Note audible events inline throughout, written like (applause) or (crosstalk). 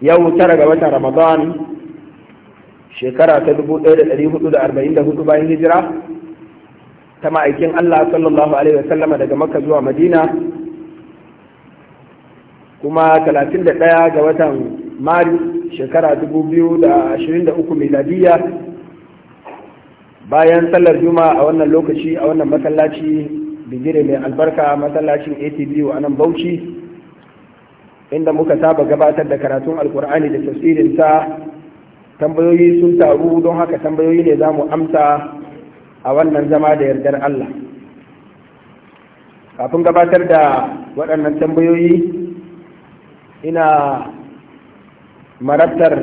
yau tara ga watan ramadan shekara ta 1444 bayan hijira ta ma'aikin Allah sallallahu alaihi wasallama daga makka zuwa madina kuma 31 ga watan mari shekara 2023 miladiya bayan sallar juma a wannan lokaci a wannan masallaci bigire mai albarka masallacin atb a nan bauchi inda muka saba gabatar da karatun alkur'ani da tafsirinsa tambayoyi sun taru don haka tambayoyi ne za mu amsa a wannan zama da yardar Allah kafin gabatar da waɗannan tambayoyi ina marabtar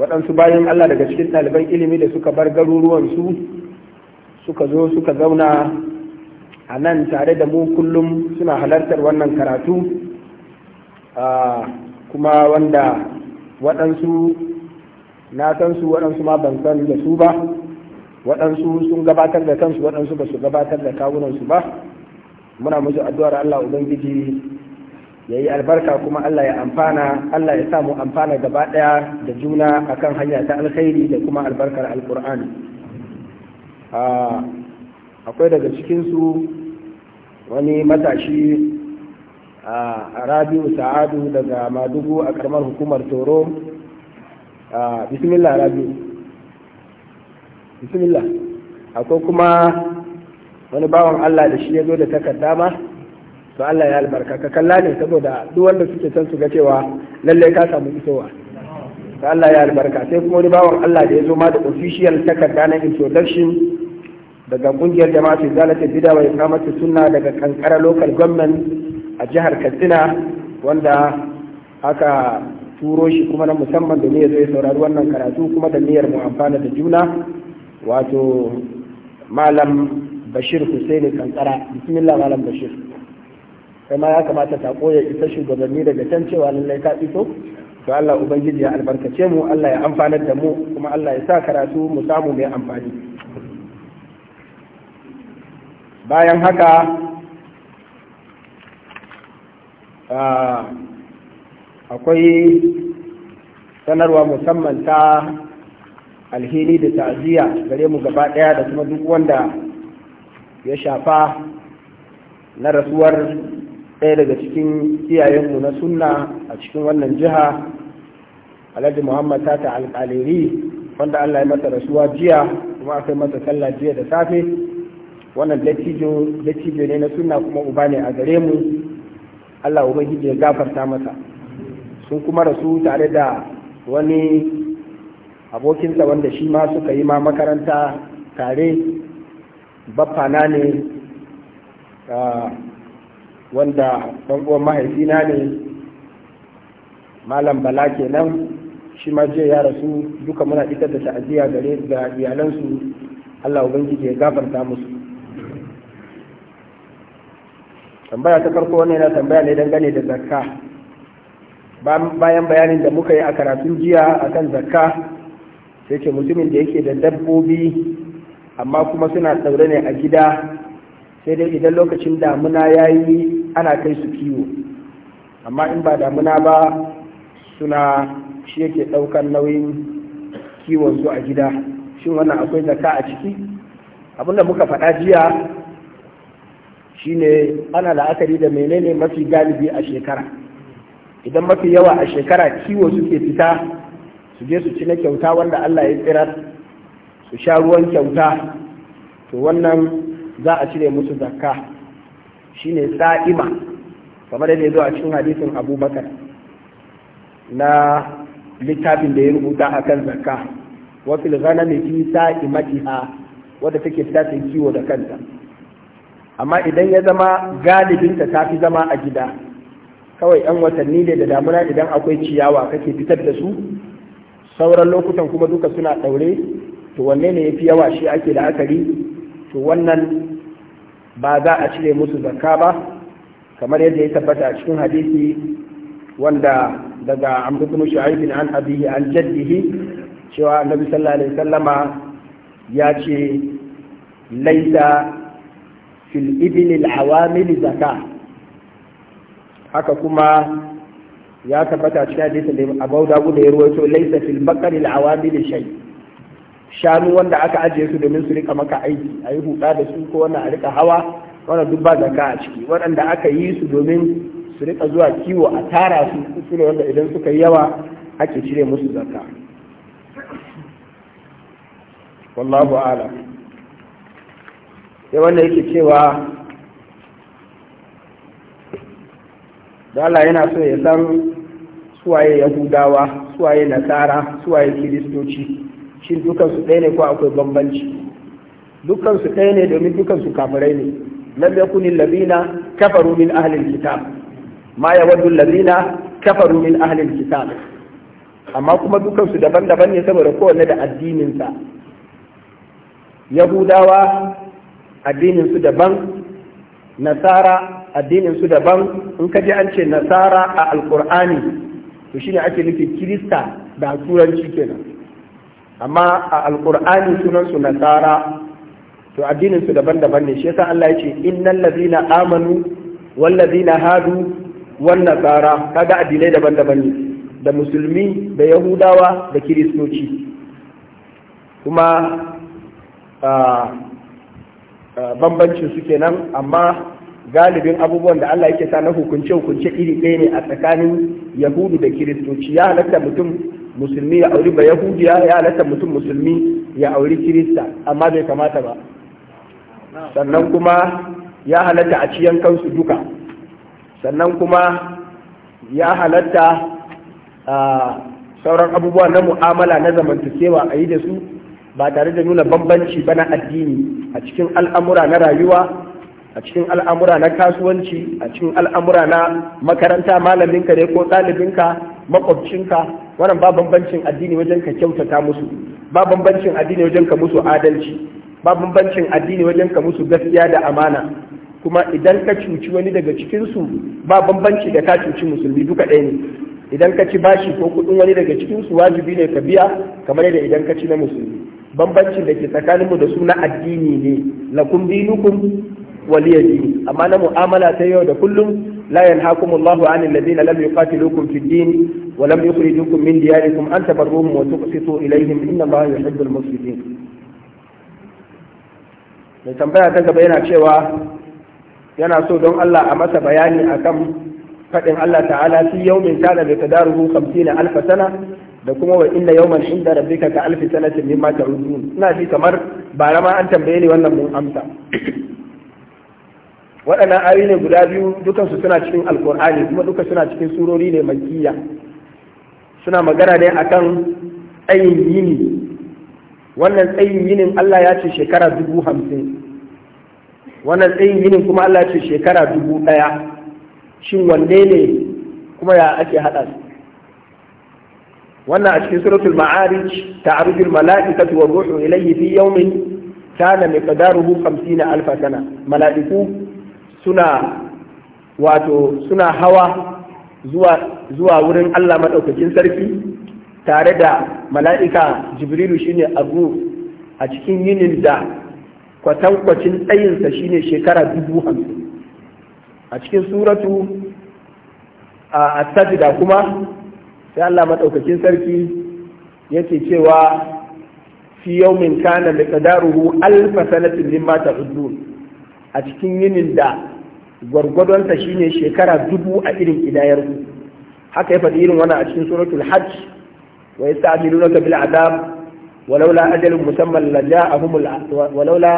waɗansu bayan Allah daga cikin ɗaliban ilimi da suka bar garuruwansu suka zo suka zauna a nan tare da mu kullum suna halartar wannan karatu Ah, kuma wanda waɗansu na san su waɗansu ma ban san da su ba waɗansu sun gabatar da kansu waɗansu ba su gabatar da kawunansu ba muna musu addu'ar Allah Ubangiji ya yi albarka kuma Allah ya amfana Allah ya samu amfana gaba ɗaya da juna akan hanya ta alkhairi da kuma albarkar alkur'ani ah, akwai daga cikinsu wani matashi a rabiu sa'adu daga madugu a karamar hukumar toro a bismillah rabiu bismillah akwai kuma wani bawan allah da shi ya zo da takarda ma to allah ya albarka ka kalla ne saboda duk wanda suke son su ga cewa lallai ka samu isowa to allah ya albarka sai kuma wani bawan allah da ya zo ma da official takarda na introduction daga kungiyar jama'a su zalata bida wa ikamata sunna daga kankara local government a jihar katsina wanda aka turo shi kuma na musamman da ya zo ya saurari wannan karatu kuma da niyyar mu amfana da juna wato malam bashir husaini kankara bismillah malam bashir kai ma ya kamata ta koya isa shugabanni daga can cewa lallai ka iso to Allah ubangiji ya albarkace mu Allah ya amfanar da mu kuma Allah ya sa karatu mu samu mai amfani bayan haka akwai sanarwa musamman ta alheri da ta'aziyya gare mu gaba daya da kuma duk wanda ya shafa na rasuwar ɗaya daga cikin iyayenmu na sunna a cikin wannan jiha alhaji muhammad ta alƙaliri wanda allah ya masa rasuwa jiya kuma aka yi masa sallah jiya da safe wannan dattijo ne na sunna kuma uba ne a gare mu Allah ubangiji ya gafarta masa sun kuma rasu tare da wani abokinsa wanda shi ma suka yi ma makaranta tare na ne wanda ɗan mahaifina ne malam bala kenan shi ma jiya ya rasu duka muna ita da ta'aziyya gare da iyalansu Allah ubangiji ya gafarta musu tambaya ta farko wannan yana tambaya ne dangane da zakka bayan bayanin da muka yi a karatun jiya akan zakka sai ce mutumin da yake da dabbobi amma kuma suna tsaure ne a gida sai dai idan lokacin damuna ya yi ana kai su kiwo amma in ba damuna ba suna shi yake daukan nauyin kiwon su a gida shin wannan akwai zakka a ciki abinda muka faɗa jiya shine ana la'akari da menene mafi galibi a shekara idan mafi yawa a shekara kiwo suke fita su je su ci na kyauta wanda Allah ya tsirar su sha ruwan kyauta to wannan za a cire musu zakka shine sa'ima kamar yadda ya zo a cikin hadisin abubakar na littafin da ya rubuta a kan zakka wasu lana mai fi sa'imatiha wadda take fita kiwo da kanta amma idan ya zama galibinta ta fi zama a gida kawai 'yan watanni ne da damuna idan akwai ciyawa kake fitar da su sauran lokutan kuma duka suna ɗaure to wanne ne ya fi yawa shi ake la'akari to wannan ba za a cire musu zakka ba kamar yadda ya tabbata a cikin hadisi wanda daga amrukunu shu'aibin an abihi an jaddihi cewa annabi sallallahu alaihi sallama ya ce laisa fil ibil al zaka haka kuma ya tabbata cikin hadisin da Abu Dawud gudu ya ruwaito laisa fil bakari al-awamil shay shanu wanda aka ajiye su domin su rika maka aiki a yi huda da su ko wanda a rika hawa wanda duk ba zaka a ciki waɗanda aka yi su domin su rika zuwa kiwo a tara su su ne wanda idan suka yi yawa ake cire musu zaka wallahu a'lam sai wanda yake cewa da Allah yana so ya san suwaye yahudawa suwaye nasara suwaye kiristoci shin dukansu ɗaya ne ko akwai bambanci dukansu ɗaya ne domin dukansu kafirai ne lam yakunil ladina kafaru min ahlil kitab ma yawaddu ladina kafaru min ahlil kitab amma kuma dukansu daban-daban ne saboda kowanne da addininsa yahudawa addinin su daban nasara addinin su daban in ka ji an ce nasara a alkur'ani to shine ake nufi kirista da turanci kenan amma a alkur'ani sunan su nasara to addinin su daban-daban ne shi yasa Allah ya ce innal ladina amanu wal ladina hadu wan nasara kaga addinai daban-daban ne da musulmi da yahudawa da kiristoci kuma ah, Eh, bambanci suke nan amma galibin abubuwan da Allah yake sa na hukunce hukunce iri ɗaya ne a tsakanin yahudu da kiristoci ya halatta mutum musulmi ya auri ba yahudiya ya halatta mutum musulmi ya auri kirista amma bai kamata ba sannan kuma ya halatta a ciyan kansu duka sannan kuma ya halatta ah, sauran abubuwa na mu'amala na zamantakewa a yi da su ba tare da nuna bambanci ba na addini a cikin al'amura na rayuwa a cikin al'amura na kasuwanci a cikin al'amura na makaranta malaminka ne ko ɗalibinka makwabcinka wannan ba bambancin addini wajen ka kyautata musu ba bambancin addini wajen ka musu adalci ba bambancin addini wajen ka musu gaskiya da amana kuma idan ka cuci wani daga cikinsu ba bambanci da ka cuci musulmi duka ɗaya ne idan ka ci bashi ko kuɗin wani daga cikinsu wajibi ne ka biya kamar yadda idan ka ci na musulmi bambancin da ke tsakaninmu da suna addini ne na lakum dinukum waliya dini amma na mu'amala ta yau da kullum la yanhakum Allahu anil ladina lam yuqatilukum fid din wa lam yukhrijukum min diyarikum an tabarruhum wa tuqsitu ilayhim inna Allaha yuhibbul muqsitin mai tambaya ta gaba yana cewa yana so don Allah a masa bayani akan faɗin Allah ta'ala fi yawmin kana bi tadaruhu 50 alf sana da kuma wa inna yawman inda rabbika ka alfi sanatin mimma ta'udun ina ji kamar ba ma an tambaye ni wannan mun amsa waɗannan ayoyi ne guda biyu dukansu suna cikin alkur'ani kuma duka suna cikin surori ne makkiya suna magana ne akan tsayin yini wannan tsayin yinin Allah ya ce shekara dubu hamsin wannan tsayin yinin kuma Allah ya ce shekara dubu ɗaya shin wanne ne kuma ya ake haɗa su wannan a cikin suratul ma'arij ta'arujul mala'ikatu wa ruhu ilayhi fi yawmin kana miqdaruhu 50 alf sana mala'iku suna wato suna hawa zuwa zuwa wurin Allah madaukakin sarki tare da mala'ika jibrilu shine abu a cikin yinin da kwatankwacin tsayinsa shine shekara dubu hamsin a cikin suratu a sajida kuma sai Allah madaukakin sarki yake cewa fi yawmin kana miqdaruhu alf sanatin mimma ta'udun a cikin yinin da gwargwadonsa shine shekara dubu a irin kidayar ku haka ya faɗi irin wannan a cikin suratul hajj wa yasta'jilunaka bil adab ولولا أجل مسمى لجاءهم ولولا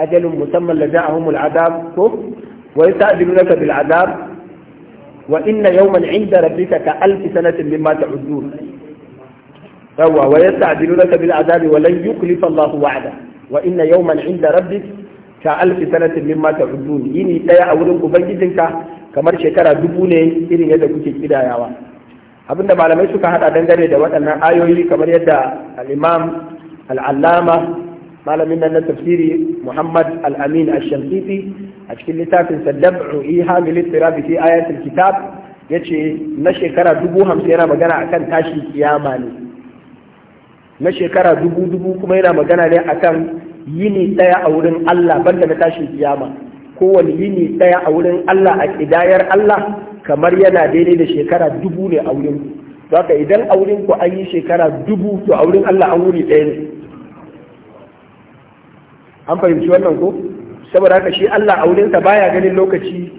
أجل مسمى لجاءهم العذاب ويستعجلونك بالعذاب وإن يوما عند ربك كألف سنة مما تعدون فهو ويستعدلونك بالعذاب ولن يخلف الله وعده وإن يوما عند ربك كألف سنة مما تعدون إني تيا أولوك بجدنك كما شكرا دبوني إني يدك تكيدا يا وان أبنى ما لم يسوك هذا دنجري دوات أن آيوه كما يدى الإمام العلامة ما لم تفسيري محمد الأمين الشنقيطي a cikin littafin saddab'u iha bil istirabi fi ayatul kitab yace na shekara dubu hamsin yana magana akan tashi kiyama ne na shekara dubu dubu kuma yana magana ne akan yini daya a wurin Allah banda na tashi kiyama kowane yini daya a wurin Allah a kidayar Allah kamar yana daidai da shekara dubu ne a wurin haka idan a wurin ku an yi shekara dubu to a wurin Allah an wuri ɗaya ne an fahimci wannan ko saboda haka shi Allah a wurinsa baya ganin lokaci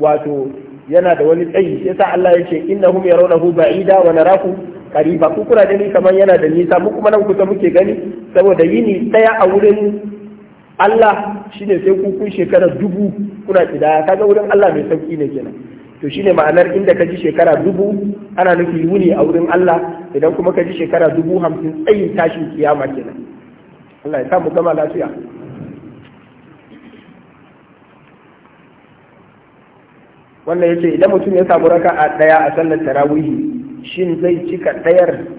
wato yana da wani tsayi sa Allah ya ce innahum yarawnahu ba'ida wa narahu qariba ku kuna gani kamar yana da nisa mu kuma nan kusa muke gani saboda yini daya a wurin Allah shine sai ku kun shekara dubu kuna kidaya kaga wurin Allah mai sauki ne kenan to shine ma'anar inda ka ji shekara dubu ana nufi wuni a wurin Allah idan kuma ka ji shekara dubu hamsin tsayin tashin kiyama kenan Allah ya sa mu gama lafiya wannan yace idan mutum ya samu raka'a daya a sallar tarawihi shin zai cika dayar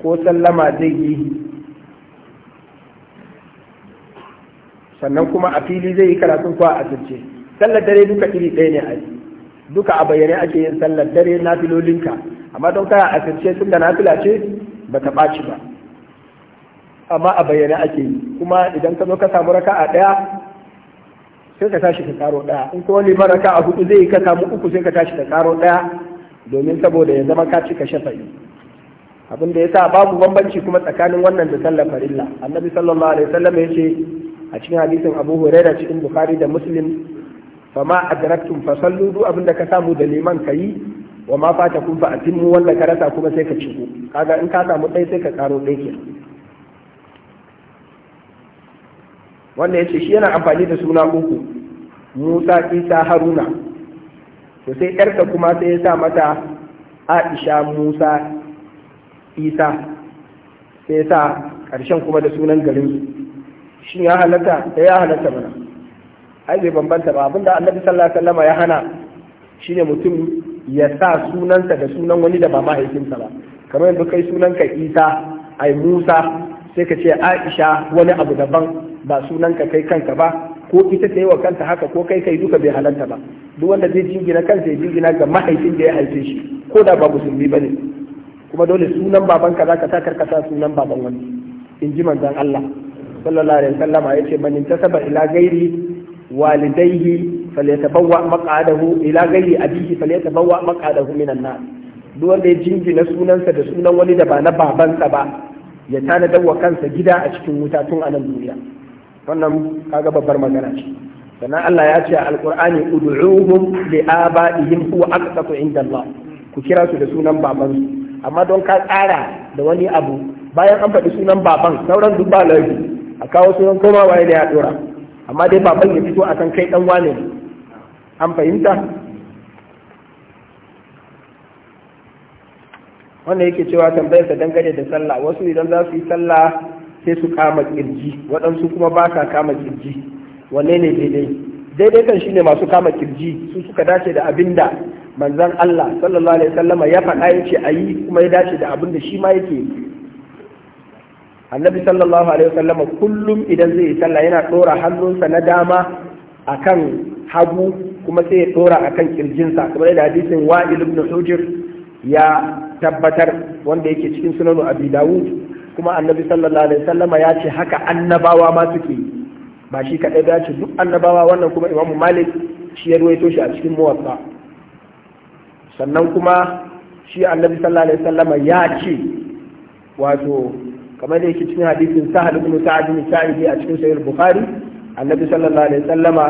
ko sallama zai yi sannan kuma a fili zai yi karatun ko a asirce. sallar dare duka iri ɗaya ne a duka a bayyane ake yin sallar dare na filolinka amma don kana a asirce tun da na fila ce ba ta ɓaci ba amma a bayyane ake yi kuma idan ka zo ka samu raka'a ɗaya sai ka tashi ka karo ɗaya in kuma liman a hudu zai ka samu uku sai ka tashi ka karo ɗaya domin saboda ya zama ka cika shafa'i abin da ya sa babu bambanci kuma tsakanin wannan da sallar farilla annabi sallallahu alaihi wasallam ya ce a cikin hadisin abu huraira cikin bukhari da muslim fama adraktum sallu du abin da ka samu da liman kayi wa ma fata kun fa atimmu wanda ka rasa kuma sai ka ciko kaga in ka samu ɗaya sai ka karo ɗaya kenan wanda ya ce shi yana amfani da suna uku musa isa haruna to sai yarsa kuma sai ya sa mata aisha musa isa sai ya sa ƙarshen kuma da sunan garinsu shi ya halatta da eh, ya halatta mana ai bai bambanta ba abinda annabi sallallahu alaihi wasallama ya hana shine mutum ya sa sunansa da sunan wani da ba mahaifinsa ba kamar yanzu kai sunanka isa ai musa sai ka ce aisha wani abu daban ba sunan ka kai kanka ba ko ita ta yi wa kanta haka ko kai kai duka bai halarta ba duk wanda zai jingina kansa ya jingina ga mahaifin da ya haife shi ko da ba musulmi ba ne kuma dole sunan baban ka zaka sa sunan baban wani in ji manzon Allah sallallahu alaihi wasallam ya ce man intasaba ila ghairi walidayhi falyatabawwa maq'adahu ila ghairi abihi falyatabawwa maq'adahu minan nar duk wanda ya jingina sunansa da sunan wani da ba na babansa ba ya tana wa kansa gida a cikin wuta tun a nan duniya wannan kaga babbar magana ce sannan Allah ya ce a alqur'ani ud'uhum li abaihim huwa aqsatu inda Allah ku kira su da sunan babansu amma don ka tsara da wani abu bayan an faɗi sunan baban sauran duk ba laifi a kawo sunan koma waye da ya dora amma dai baban ya fito a kan kai dan wane an fahimta wanda yake cewa tambayar sa dangane da sallah wasu idan za su yi sallah sai su kama kirji waɗansu kuma ba sa kama kirji wanne ne daidai daidai kan shine masu kama kirji su suka dace da abin da manzon Allah sallallahu alaihi wasallama ya faɗa yace yi kuma ya dace da abinda da shi ma yake annabi sallallahu alaihi wasallama kullum idan zai yi sallah yana ɗora hannunsa na dama akan hagu kuma sai ya ɗora akan kirjinsa kamar da hadisin wa'il ibn hujr ya tabbatar wanda yake cikin sunanu abi dawud kuma annabi sallallahu alaihi wasallama ya ce haka annabawa ma suke ba shi kaɗai ba ce duk annabawa wannan kuma imamu malik shi ya ruwaito shi a cikin muwatta sannan kuma shi annabi sallallahu alaihi wasallama ya ce wato kamar da yake cikin hadisin sahal ibn sa'ad bin sa'id a cikin sahih bukhari annabi sallallahu alaihi wasallama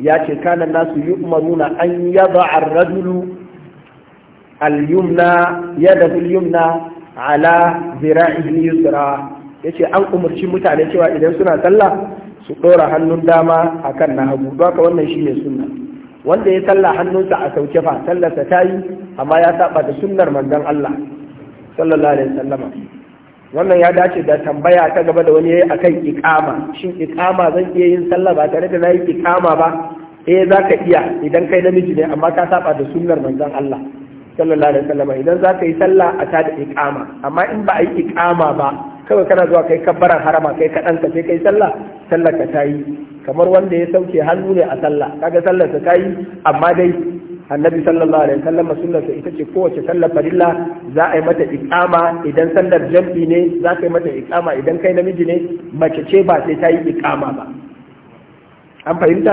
ya ce kana nasu yu'maruna an yad'a ar-rajulu al-yumna yadahu al-yumna ala zira'ihi al-yusra yace an umarci mutane cewa idan suna sallah su dora hannun dama akan na hagu baka wannan shine sunna wanda ya sallah hannunsa a sauke fa sallarsa ta yi amma ya saba da sunnar manzon Allah sallallahu alaihi wasallama wannan ya dace da tambaya ta gaba da wani yayi akan iqama shin iqama zan iya yin sallah ba tare da nayi iqama ba eh zaka iya idan kai namiji ne amma ka saba da sunnar manzon Allah sallallahu alaihi wasallam idan za ka yi sallah a ta da iqama amma in ba a yi iqama ba kawai kana zuwa kai kabbaran harama kai kaɗan ka sai kai sallah sallar ka ta yi kamar wanda ya sauke hannu ne a sallah kaga sallar ta yi amma dai annabi sallallahu alaihi wasallam ita ce kowace sallar farilla za a yi mata iqama idan sallar jam'i ne za ka yi mata iqama idan kai namiji ne mace ce ba sai ta yi iqama ba an fahimta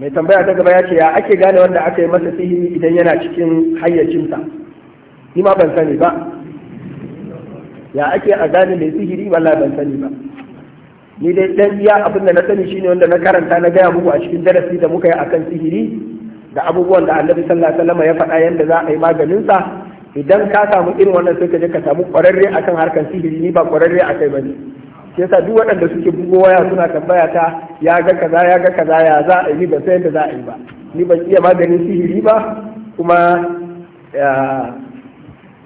mai tambaya ta gaba ya ce ya ake gane wanda aka yi masa sihiri idan yana cikin hayyacinsa ni ma ban sani ba ya ake a gane mai sihiri wallahi ban sani ba ni dai dan iya abin da na sani shine wanda na karanta na gaya muku a cikin darasi da muka yi akan sihiri da abubuwan da annabi sallallahu alaihi wasallam ya faɗa yanda za a yi maganin sa idan ka samu irin wannan sai ka je ka samu kwararre akan harkar sihiri ni ba kwararre akai bane shi yasa duk waɗanda suke bugo waya suna tambaya ta ya ga kaza ya ga kaza ya za a yi ba sai da za a yi ba ni ban iya maganin sihiri ba kuma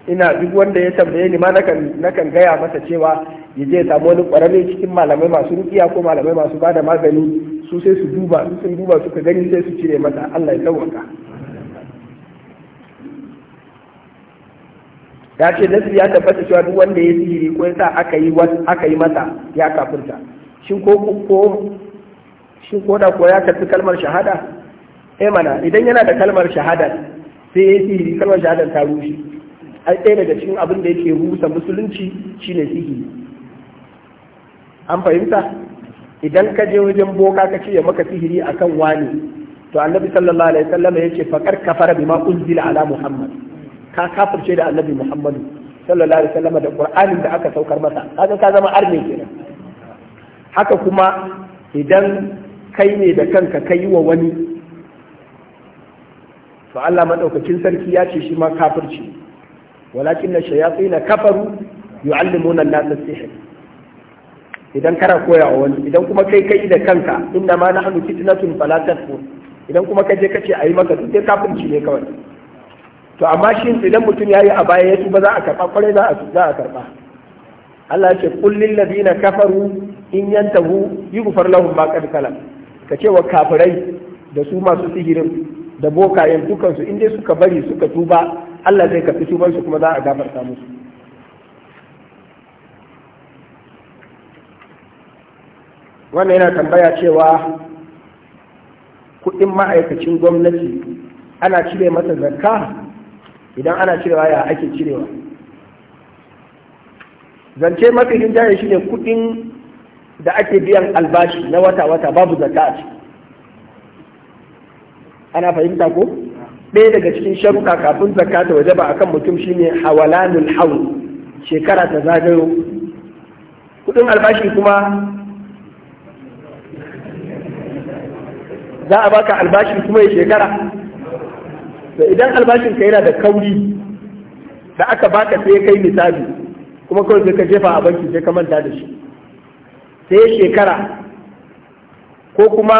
ina duk wanda ya tambaye ni ma nakan gaya masa cewa ya je samu wani ƙwararre cikin malamai masu rukiya ko malamai masu bada magani su sai su duba su sun duba suka gani sai su cire masa Allah ya sauwaka ya ce nasi ya tabbata cewa duk wanda ya sihiri ko ya sa aka yi aka yi masa ya kafirta shin ko ko shin ko da ko ya karbi kalmar shahada eh mana idan yana da kalmar shahada sai ya sihiri kalmar shahada ta rushe ai ɗaya daga cikin abin da yake rusa musulunci shine sihiri an fahimta idan ka je wajen boka ka ce ya maka sihiri akan wani to annabi sallallahu alaihi wasallam ce faqar kafara bima unzila ala muhammad ka kafirce da annabi muhammadu sallallahu alaihi wasallam da qur'anin da aka saukar masa kaga ka zama arne kenan haka kuma idan kai ne da kanka kai wa wani to Allah madaukakin sarki ya ce shi ma kafirci walakin shayatin kafaru yu'allimuna an-nasa sihr idan kana koya wa wani idan kuma kai kai da kanka inna ma nahnu fitnatun fala tafu idan kuma kaje kace ayi maka duk kafirci ne kawai to amma shi idan mutum ya yi a baya ya tuba za a karɓa kwarai za a karɓa Allah ce kullin ladina kafaru in yantahu yughfar lahum ma qad kalam ka ce wa kafirai da su masu sihirin da bokayen dukansu in dai suka bari suka tuba Allah zai karɓi tuban kuma za a gafarta musu wannan yana tambaya cewa kuɗin ma'aikacin gwamnati ana cire masa zakka idan ana cirewa ya ake cirewa zance mafi shi ne kudin da ake biyan albashi na wata-wata babu zata a ana fahimta ko ɗaya daga cikin sharuka kafin zakka ta waje ba akan mutum shine hawalanul hau shekara ta zagayo kudin albashi kuma za a baka albashi kuma ya shekara to idan albashin ka yana da kauri da aka baka sai kai misali kuma kawai sai ka jefa a banki sai ka manta da shi sai shekara ko kuma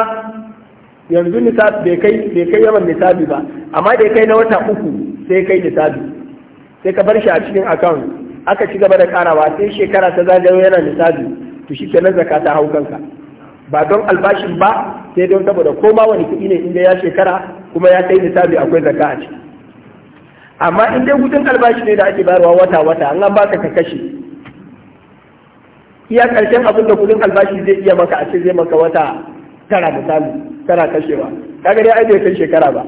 yanzu nisabi bai kai yawan nisabi ba amma da kai na wata uku sai kai nisabi sai ka bar shi a cikin account aka ci gaba da karawa sai shekara ta zagayo yana nisabi to shi kenan zaka ta hau kanka ba don albashin ba sai don saboda koma wani kuɗi ne inda ya shekara kuma ya kai misali akwai zaka a ciki amma in dai gudun albashi ne da ake bayarwa wata wata an an baka ka kashe iya karshen abin da gudun albashi zai iya maka a ce zai maka wata tara misali tara kashewa kaga dai ai bai kai shekara ba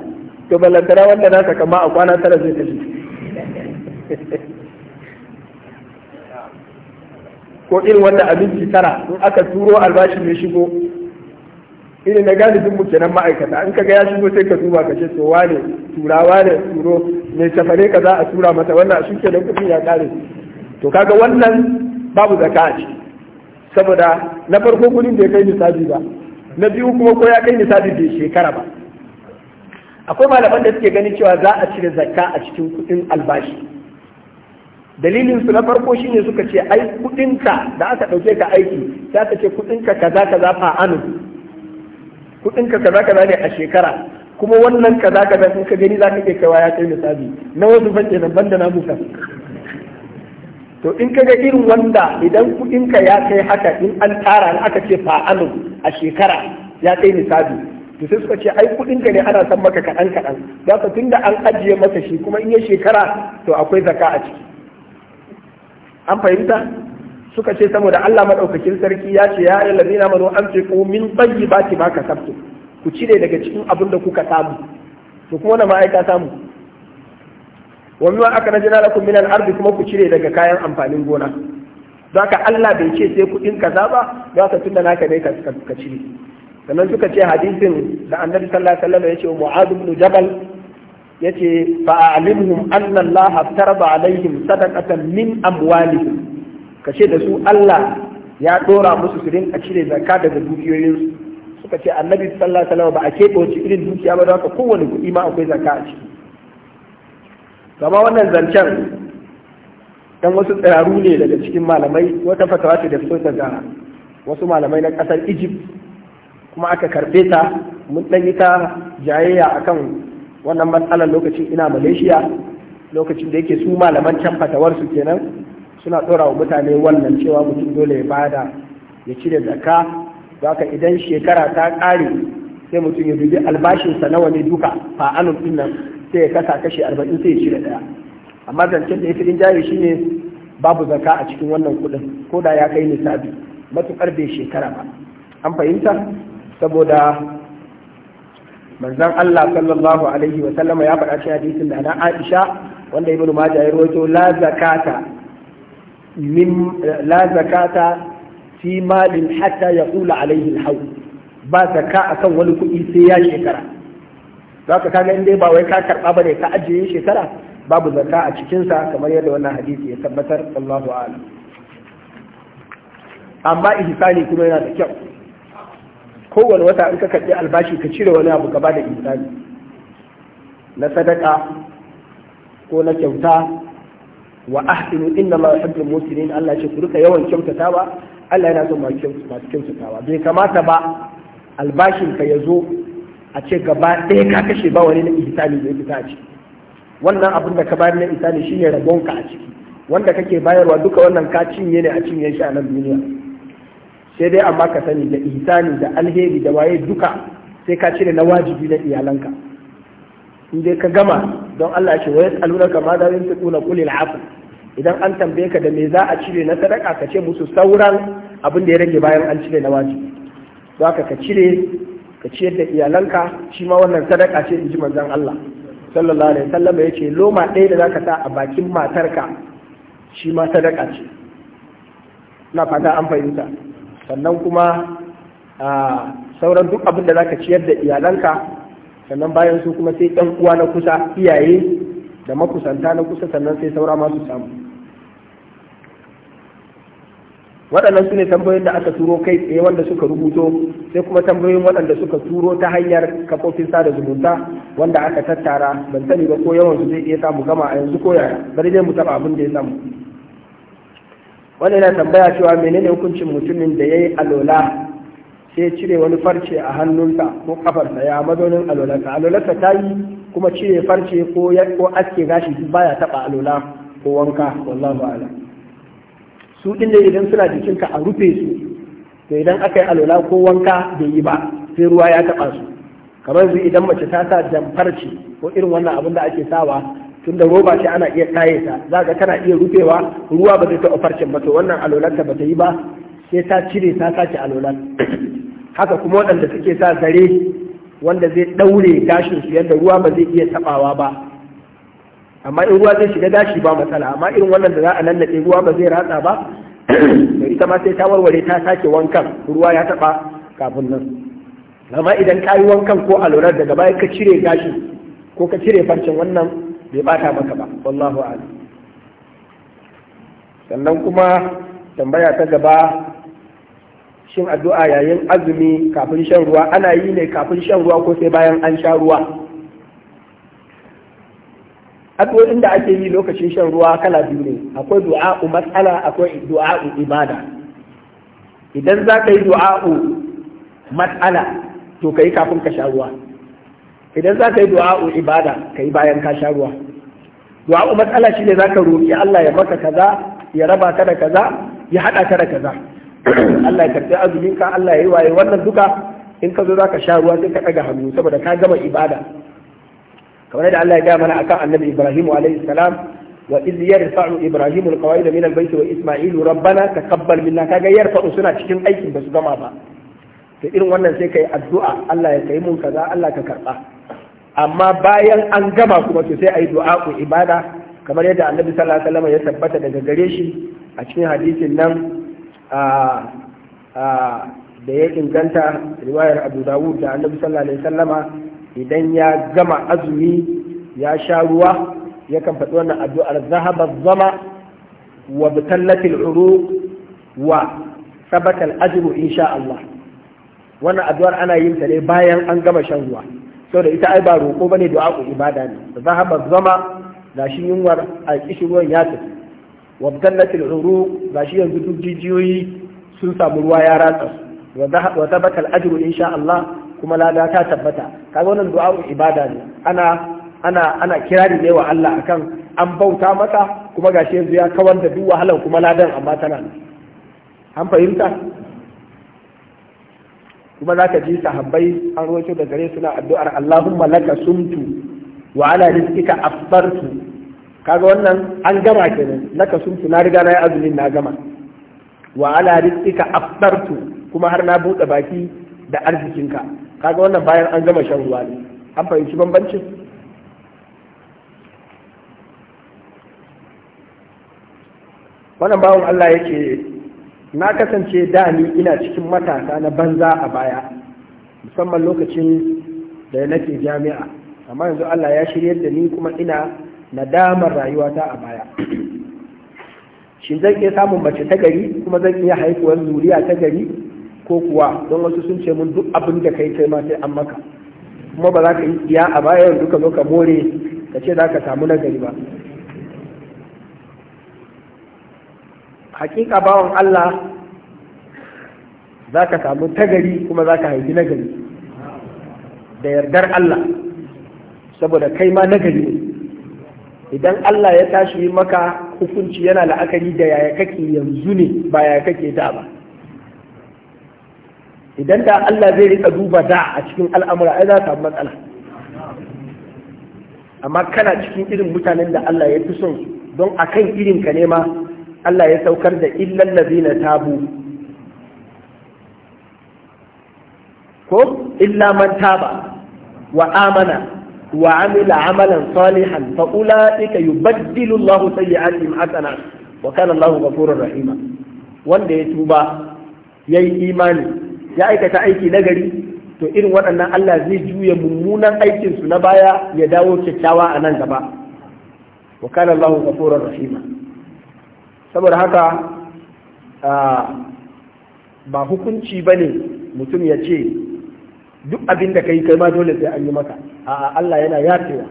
to ballantara wanda naka kama a kwana tara zai kashe ko irin wanda abinci tara in aka turo albashi mai shigo irin na galibin mu kenan ma'aikata in kaga ya shigo sai ka duba ka ce to wane turawa ne turo mai tafare ka za a tura mata wannan a shuke da kudin ya kare to kaga wannan babu zaka a ciki saboda na farko kudin ya kai misali ba na biyu kuma ko ya kai misali bai shekara ba akwai malaman da suke ganin cewa za a cire zakka a cikin kudin albashi dalilin su na farko shine suka ce ai kudinka da aka dauke ka aiki za ka ce kudinka kaza kaza fa kudin ka kaza kaza ne a shekara kuma wannan kaza kaza in ka gani zaka ke kawa ya kai misali na wasu ban kenan banda na musa. to in ka ga irin wanda idan kudin ka ya kai haka in an tara aka ce fa'alu a shekara ya kai misali to sai suka ce ai kudin ka ne ana san maka kaɗan kaɗan za ka tunda an ajiye maka shi kuma in ya shekara to akwai zaka a ciki an fahimta suka ce saboda Allah madaukakin sarki ya ce ya ayyuhal ladina amanu anfiqu min tayyibati ma kasabtum ku cire daga cikin abin da kuka samu to kuma wannan ma'aika samu wa mimma akhrajna lakum min al-ardi kuma ku cire daga kayan amfanin gona zaka Allah bai ce sai kuɗin kaza ba don haka tunda naka ne ka cire sannan suka ce hadisin da annabi sallallahu alaihi wasallam yace mu'adh ibn jabal yace fa annan anna Allah aftaraba alaihim sadaqatan min amwalihim ka ce da su Allah ya dora musu su rinka cire zakka daga dukiyoyinsu suka ce annabi sallallahu alaihi wasallam ba a keɓe wace irin dukiya ba don haka kowane kuɗi ma akwai zakka a ciki gama wannan zancen dan wasu tsirarru ne daga cikin malamai wata fatawa ce da fito daga wasu malamai na ƙasar Egypt kuma aka karɓe ta mun ɗan yi ta jayayya akan wannan matsalar lokacin ina Malaysia lokacin da yake su malaman can su kenan suna ɗora wa mutane wannan cewa mutum dole ya bada ya cire zaka, za ka idan shekara ta ƙare sai mutum ya dubi albashinsa nawa ne duka fa'anun din nan sai ya kasa kashe arba'in sai ya cire ɗaya amma zancen da ya fi jari shi ne babu zaka a cikin wannan kuɗin ko da ya kai nisabi matuƙar bai shekara ba an fahimta saboda manzon Allah sallallahu alaihi wa sallama ya faɗa cikin hadisin da na Aisha wanda ibnu Majah ya rawaito la zakata min eh, la zakata fi malin hatta ya kula alaihi alhaw ba zaka akan wani kuɗi sai ya shekara ka kaga in dai ba wai ka karba ne ka ajiye shekara babu zaka a cikinsa kamar yadda wannan hadisi ya tabbatar Allahu a'lam amma ihsani kuma yana da kyau kowane wata in ka karɓi albashi ka cire wani abu gaba da ihsani na sadaka ko na kyauta wa ahsinu inna ma al muslimin Allah ce ku duka yawan kyautatawa Allah yana son masu kyautatawa bai kamata ba albashin ka ya zo a ce gaba ɗaya ka kashe ba wani na ihsani da fita a ciki wannan abin da ka bayar na ihsani shine rabon ka a ciki wanda kake bayarwa duka wannan ka cinye ne a cinye shi a nan duniya sai dai amma ka sani da ihsani da alheri da waye duka sai ka cire na wajibi na iyalanka in dai ka gama don Allah ce wayas ka ma da yin tukuna kulil afu idan an tambaye ka da me za a cire na sadaka ka ce musu sauran abin da ya rage bayan an cire na wajibi za ka ka cire ka ciyar da iyalanka shi ma wannan sadaka ce in ji manzon Allah sallallahu alaihi wasallam ya ce loma ɗaya da zaka sa a bakin matarka shi ma sadaka ce na fata an fahimta sannan kuma ah, sauran duk abin da zaka ciyar da iyalanka sannan bayan su kuma sai ɗan uwa na kusa iyaye da makusanta na kusa sannan sai saura masu samu waɗannan su ne tambayoyin da aka turo kai tsaye wanda suka rubuto sai kuma tambayoyin waɗanda suka turo ta hanyar kafofin sada zumunta wanda aka tattara ban sani ba ko yawan su zai iya samu gama a yanzu ko ya bari dai mu taɓa abin da ya samu wani yana tambaya cewa menene hukuncin mutumin da ya yi alola sai cire wani farce a hannunka ko kafarsa ya madonin alolarka alolarka ta yi kuma cire farce ko ko aske gashi ba ya taba alola ko wanka wallahu ala su din da idan suna jikinka a rufe su to idan aka yi alola ko wanka bai yi ba sai ruwa ya taba su kamar su idan mace ta sa farce ko irin wannan abin da ake sawa tun da roba ce ana iya kaye ta za ka tana iya rufewa ruwa ba zai taɓa farcen ba to wannan alolarta ba ta yi ba sai ta cire ta sace alolar haka kuma waɗanda suke sa zare wanda zai ɗaure gashin su yadda ruwa ba zai iya taɓawa ba amma in ruwa zai shiga gashi ba matsala amma irin wannan da za a nannaɗe ruwa ba zai ratsa ba da (clears throat) ita ma sai ta warware ta sake wankan ruwa ya taɓa kafin nan amma idan ka yi wankan ko a lura daga baya ka cire gashi ko ka cire farcen wannan bai bata maka ba wallahu a'lam sannan kuma tambaya ta gaba shin addu'a yayin azumi kafin shan ruwa ana yi ne kafin shan ruwa ko sai bayan an sha ruwa addu'o'in da ake yi lokacin shan ruwa kala biyu ne akwai du'a'u matsala akwai du'a'u ibada idan za ka yi du'a'u matsala to ka yi kafin ka sha ruwa idan za ka yi du'a'u ibada ka yi bayan ka sha ruwa du'a'u matsala shine za ka roƙi Allah ya maka kaza ya raba ka da kaza ya haɗa ka da kaza Allah ya karɓi azumin ka Allah ya yi waye wannan duka in ka zo zaka sha ruwa sai ka ɗaga hannu saboda ka gama ibada kamar yadda Allah ya gaya mana akan annabi Ibrahim alaihi salam wa iz yarfa'u Ibrahim alqawaid min albayt wa Isma'il rabbana taqabbal minna kaga yarfa'u suna cikin aikin ba su gama ba to irin wannan sai kai addu'a Allah ya kai mun kaza Allah ka karba amma bayan an gama kuma to sai ayi du'a ku ibada kamar yadda annabi sallallahu alaihi wasallam ya tabbata daga gare shi a cikin hadisin nan da ya inganta riwayar abu dawud da annabi sallallahu alaihi sallama idan ya gama azumi ya sha ruwa ya kan faɗi wannan addu'ar zahaba zama wa bitallatil uruq wa sabata al insha Allah wannan addu'ar ana yin ta ne bayan an gama shan ruwa saboda ita ai ba roko bane du'a ibada ne zahaba zama gashi yunwar a ruwan ya tafi wabdallat al-uruq gashi yanzu duk jijiyoyi sun samu ruwa ya ratsa su wa tabata al-ajru insha Allah kuma lada ta tabbata kaga wannan du'a ibada ne ana ana ana kirari ne wa Allah akan an bauta masa kuma gashi yanzu ya kawar da duk wahalar kuma ladan amma tana an fahimta kuma za ka ji sahabbai an roto da gare suna addu'ar Allahumma laka sumtu wa ala rizqika aftartu kaga wannan an gama kenan laka sun na riga na yi azumin na gama wa ala rizqika aftartu kuma har na buɗe baki da arzikinka kaga wannan bayan an gama shan ruwa ne an fahimci bambancin wannan bawan Allah yake na kasance da ni ina cikin matasa na banza a baya musamman lokacin da nake jami'a amma yanzu Allah ya shiryar da ni kuma ina nadamar rayuwata a baya shin zan iya samun mace ta gari kuma zan iya haifuwar zuriya ta gari ko kuwa don wasu sun ce mun duk abin da kai kai ma sai an maka kuma ba za ka yi iya a baya yanzu ka zo ka more ka ce za ka samu na gari ba hakika bawan Allah za ka samu tagari kuma za ka haifi nagari da yardar Allah saboda kai ma nagari ne idan Allah ya tashi maka hukunci yana la'akari da yaya kake yanzu ne ba ya kake da ba idan da Allah zai rika duba da a cikin al'amura ai za samu matsala amma kana cikin irin mutanen da Allah ya fi son don a kan irin ka nema Allah ya saukar da illal na tabu ko illa man taba wa amana wa amila amalan salihan fa ulaika yubaddilu Allahu sayyi'atihim hasanat wa kana Allahu ghafurur rahima wanda ya tuba yayi imani ya aikata aiki nagari to irin waɗannan Allah zai juya mummunan aikinsu na baya ya dawo kyakkyawa a nan gaba wa kana Allahu ghafurur rahima saboda haka ah, ba hukunci bane mutum ya ce duk abin da kai kai ma dole sai an yi maka a'a Allah yana yafewa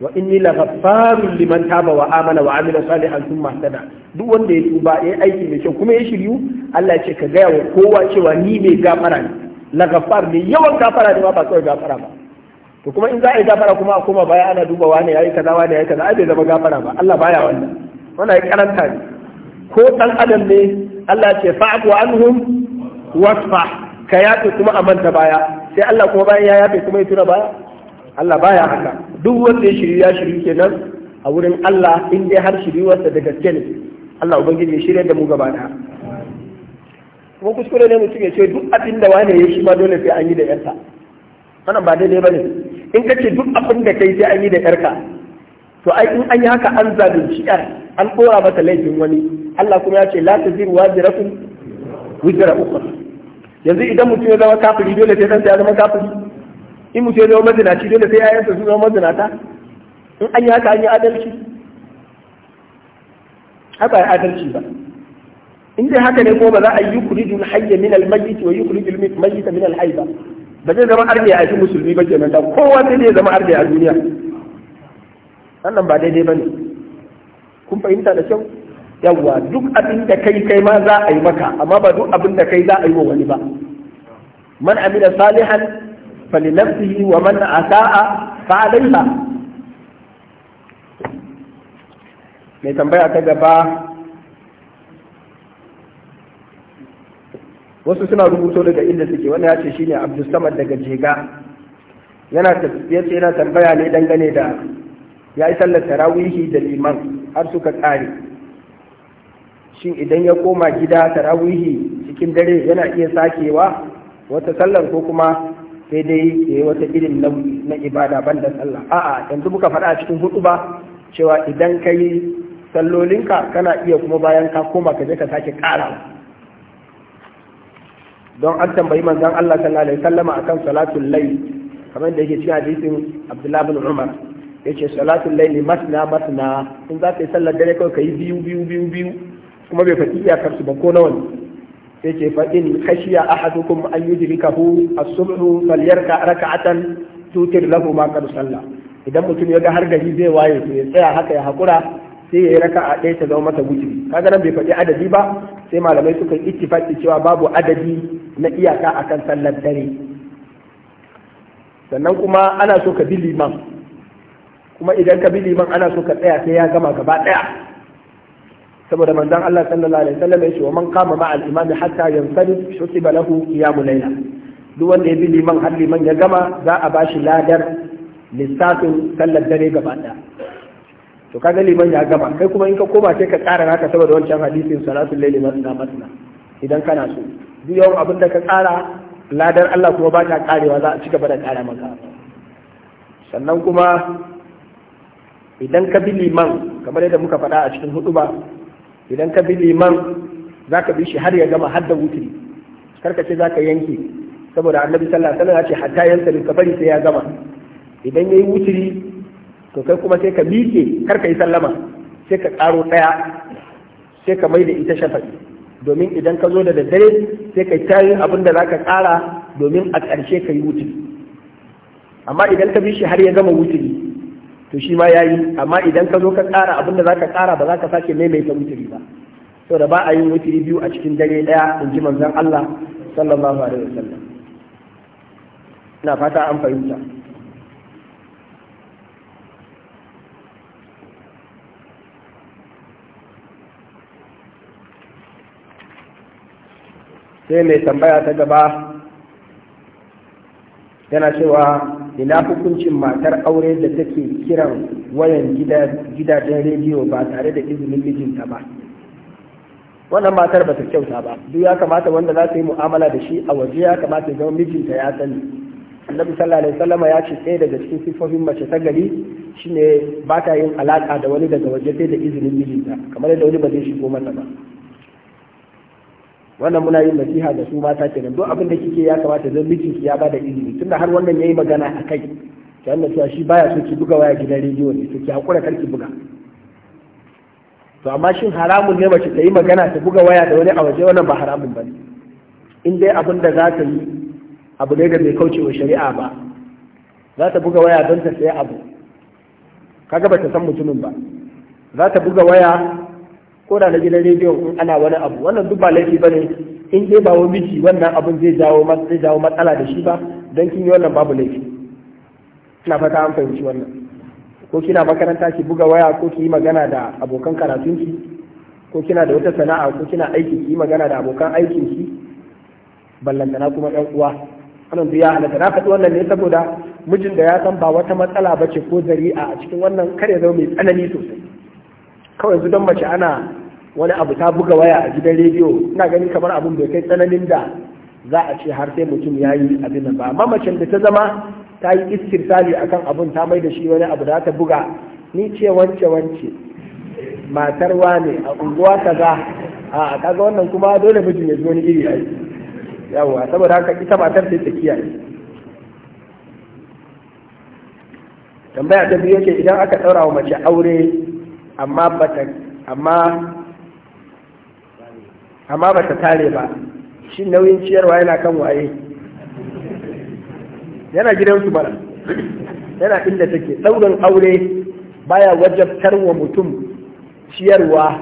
wa inni la ghaffarun liman taba wa amana wa amila salihan thumma tada duk wanda ya tuba ya aiki mai kyau kuma ya shiryu Allah ya ce ka gaya wa kowa cewa ni mai gafara ne la ghaffar ne yawan gafara ne ba kawai gafara ba to kuma in za a yi gafara kuma a koma baya ana duba wane yayi kaza wane yayi kaza ai bai zama gafara ba Allah baya wannan wannan ya karanta ne ko dan adam ne Allah ya ce fa'fu anhum wasfah ka yafe kuma a manta baya sai Allah kuma bayan ya yafe kuma ya tura baya Allah baya haka duk wanda ya shirya ya kenan a wurin Allah in dai har shiryuwarsa da gaske ne Allah ubangiji ya shirya da mu gaba da kuma kuskure ne mutum ya ce duk abin da wane ya shi ma dole sai an yi da yarsa wannan ba daidai bane in ka ce duk abin da kai sai an yi da yarka to ai in an yi haka an zalunci ai an kora mata laifin wani Allah kuma ya ce la taziru waziratun wizra ukhra yanzu idan mutum ya zama kafiri dole sai sai ya zama kafiri in mutum ya zama mazinaci dole sai ƴaƴansa su zama mazinata in an yi haka an yi adalci haka ya adalci ba in dai haka ne ko ba za a yi yukhrijul hayya min al-mayyit wa yukhrijul mayyita min al-hayy ba ba zai zama arne a cikin musulmi ba kenan da kowa sai zai zama arne a duniya wannan ba daidai ba ne kun fahimta da kyau yawwa duk abin da kai kai ma za a yi maka amma ba duk abin da kai za a yi wa wani ba man amila salihan fali nafsihi wa man asa'a fa alaiha mai tambaya ta gaba wasu suna rubuto daga inda suke wani ya ce shine abdulsamad daga jega yana tafiya ce yana tambaya ne dangane da ya yi sallar tarawihi da liman har suka tsare shin idan ya koma gida tarawihi cikin dare yana iya sakewa wata sallar ko kuma sai dai ya yi wata irin na ibada ban da sallah a'a yanzu muka faɗa a cikin hudu ba cewa idan ka yi sallolinka kana iya kuma bayan ka koma ka je ka sake ƙara don an tambayi manzon Allah sallallahu alaihi a akan salatul layl kamar da yake cikin hadisin Abdullah bin Umar yace salatul layl masna masna in za ka yi sallar dare kawai ka yi biyu biyu biyu biyu kuma bai faɗi iyakar su ba ko nawa ne sai ce fa in khashiya ahadukum an yudrikahu as-subhu falyarka raka'atan tutir lahu ma qad salla idan mutum ya ga har gari zai waye to ya tsaya haka ya hakura sai ya yi raka'a ɗaya ta zama mata gudu kaga nan bai faɗi adadi ba sai malamai suka yi ittifaqi cewa babu adadi na iyaka akan sallar dare sannan kuma ana so ka bi liman kuma idan ka bi liman ana so ka tsaya sai ya gama gaba ɗaya saboda manzon Allah sallallahu alaihi wasallam ya wa man qama ma'a al-imam hatta yansarif shutiba lahu qiyamul layla duk wanda ya bi liman har liman ya gama za a bashi ladar lissafin sallar dare gaba ɗaya to kaga liman ya gama kai kuma in ka koma sai ka ƙara naka saboda wancan hadisin salatul layli masna masna idan kana so duk yawan abin da ka ƙara ladar Allah kuma ba ta karewa za a ci gaba da ƙara maka sannan kuma idan ka bi liman kamar yadda muka faɗa a cikin hudu ba idan ka bi liman za ka bi shi har ya gama har da wuturi karka ce za ka yanke saboda annabi sallallahu alaihi wasallam ya ce hatta yansa ka bari sai ya gama idan yayi wuturi to kai kuma sai ka miƙe karka yi sallama sai ka ƙaro ɗaya sai ka mai da ita shafaki domin idan ka zo da daddare sai ka tayi abin da zaka kara ƙara domin a ƙarshe ka yi wuturi amma idan ka bi shi har ya gama wutiri. to shi ma ya yi. amma idan ka zo ka ƙara abin da za ka ƙara ba za ka sake maimaita wutiri ba da ba a yin wutiri biyu a cikin dare ɗaya in ji manzan Allah sallallahu alaihi wasallam ina fata an fahimta sai mai tambaya ta gaba yana cewa ina hukuncin matar aure da take kiran wayan gidajen rediyo ba tare da izinin mijinta ba wannan matar ba ta kyauta ba duk ya kamata wanda za ta yi mu'amala da shi a waje ya kamata zama mijinta ya sani annabi sallallahu alaihi wasallam ya ce ɗaya daga cikin sifofin mace ta gari shine ba ta yin alaka da wani daga waje sai da izinin mijinta kamar yadda wani ba zai shigo masa ba wannan muna yin nasiha da su mata kenan duk abin da kike ya kamata zan ki ya bada izini tunda har wannan yayi magana a kai ta su cewa shi baya so ki buga waya gidan rediyo ne to ki hakura kar ki buga to amma shin haramun ne mace ta yi magana ta buga waya da wani a waje wannan ba haramun bane in dai abin da za ta yi abu ne da bai kauce wa shari'a ba za ta buga waya don ta sayi abu kaga ba ta san mutumin ba za ta buga waya ko da na gidan rediyon in ana wani abu wannan duk ba laifi ba ne in dai ba wani biki wannan abun zai jawo zai jawo matsala da shi ba dan kin yi wannan babu laifi ina fata an fahimci wannan ko kina makaranta ki buga waya ko ki yi magana da abokan karatun ki ko kina da wata sana'a ko kina aiki ki yi magana da abokan aikin ki ballantana kuma ɗan uwa wannan duk ya halatta na faɗi wannan ne saboda mijin da ya san ba wata matsala ba ce ko zari'a a cikin wannan kare zama mai tsanani sosai kawai su don mace ana wani abu ta buga waya a gidan rediyo ina ganin kamar abin bai kai tsananin da za a ce har sai mutum ya yi abin nan ba amma macen da ta zama ta yi istirsali kan abun ta mai da shi wani abu da ta buga ni ce wance wance matar wane a unguwa za a kaga wannan kuma dole mijin ya zo wani iri ai yawa saboda haka ita matar sai ta kiyaye tambaya ta biyu ce idan aka daura wa mace aure amma bata amma amma ba ta tare ba shi nauyin ciyarwa yana kan waye yana gidansu bara yana inda take ɗaurin aure baya wajabtar wa mutum ciyarwa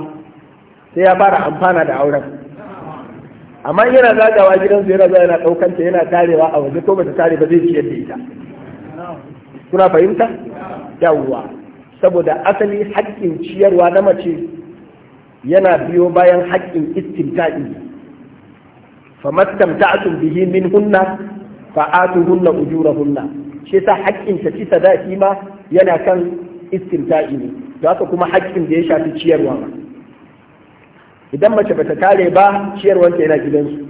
sai ya fara amfana da auren amma yana zagawa gidansu yana zuwa yana ɗaukanta yana tarewa a waje ko bata tare ba zai ciyar da ita kuna fahimta yawwa saboda asali haƙƙin ciyarwa na mace yana biyo bayan haƙƙin istimta'i famattamta'tum bihi min hunna fa'atuhunna ujurahunna shi sa haƙƙin ta ci sadaki ma yana kan istimta'i ne da haka kuma haƙƙin da ya shafi ciyarwa idan mace bata tare ba ciyarwanta yana gidansu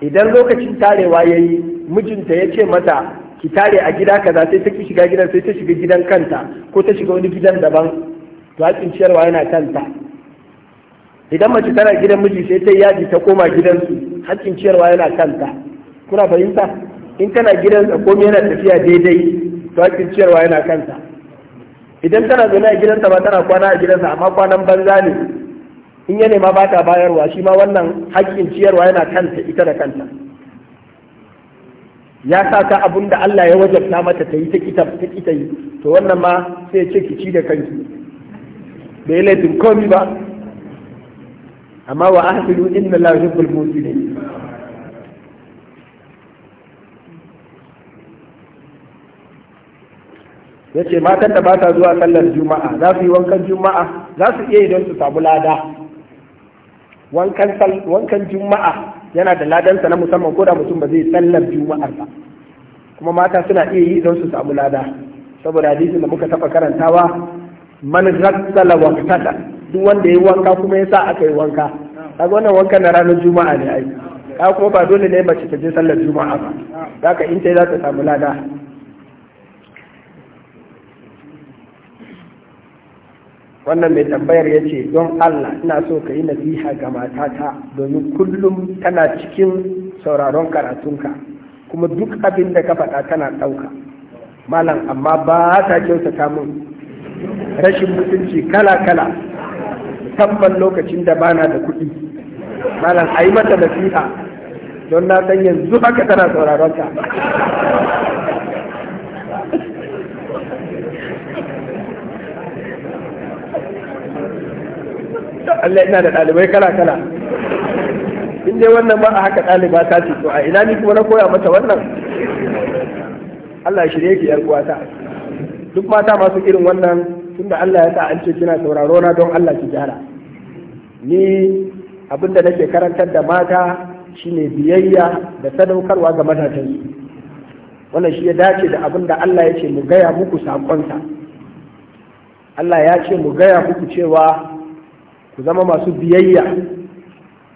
idan lokacin tarewa ya yi mijinta ya ce mata ki tare a gida kaza sai ta ki shiga gidan sai ta shiga gidan kanta ko ta shiga wani gidan daban to hakin ciyarwa yana kanta idan mace tana gidan miji sai ta yaji ta koma gidansu hakin ciyarwa yana kanta kuna fahimta in kana gidan ka komai yana tafiya daidai to hakin ciyarwa yana kanta idan tana zaune a gidansa ba tana kwana a gidansa amma kwanan banza ne in ya nema ba ta bayarwa shi ma wannan haƙƙin ciyarwa yana kanta ita da kanta ya sa ka abin da Allah ya wajabta mata ta yi ta kita ta kita yi to wannan ma sai ce ki ci da kanki bai laifin komi ba amma wa ahsinu inna la yuhibbul muhsinin yace matan da ba ta zuwa sallar juma'a za su yi wankan juma'a za su iya idan su samu lada wankan juma'a yana da ladansa na musamman ko da mutum ba zai sallar juma'ar ba kuma mata suna iya yi idan su samu lada saboda hadisin da muka taɓa karantawa man ghassala wa duk wanda yayi wanka kuma yasa aka yi wanka kaga wannan wanka na ranar juma'a ne ai ka kuma ba dole ne mace ta je sallar juma'a ba zaka in ta za ta samu lada wannan mai tambayar ya ce don Allah ina so ka yi nasiha ga matata domin kullum tana cikin sauraron karatunka kuma duk abin da ka faɗa tana ɗauka malam amma ba ta kyautata min rashin mutunci kala-kala musamman lokacin da bana da kuɗi malam a yi mata nasiha don na san yanzu haka tana sauraron ka Allah ina da ɗalibai kala-kala in dai wannan ba a haka ɗaliba ta ce to a ina ni kuma na koya mata wannan Allah shirye ki yar uwata duk mata masu irin wannan da Allah ya sa an ce kina sauraro na don Allah ki gyara ni abin da nake karantar da mata shine biyayya da sadaukarwa ga su wannan shi ya dace da abin da Allah ya ce mu gaya muku sakonsa Allah ya ce mu gaya muku cewa ku zama masu biyayya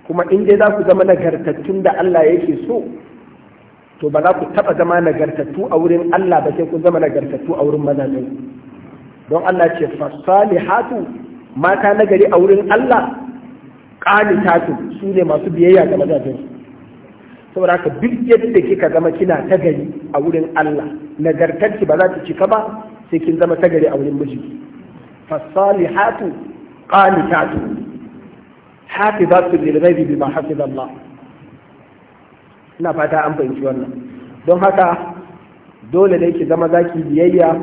kuma in dai za ku zama nagartattun da Allah yake so to ba za ku taɓa zama nagartattu a wurin Allah ba sai ku zama nagartattu a wurin mazajensu don Allah ce fasalihatu mata nagari gari a wurin Allah qanitatu su ne masu biyayya ga mazajen saboda haka duk yadda kika zama kina ta gari a wurin Allah nagartarki ba za ta cika ba sai kin zama ta gari a wurin miji fasalihatu qanitatu hafizatu lil ghaibi bima zan Allah ina fata an fahimci wannan don haka dole ne ki zama zaki biyayya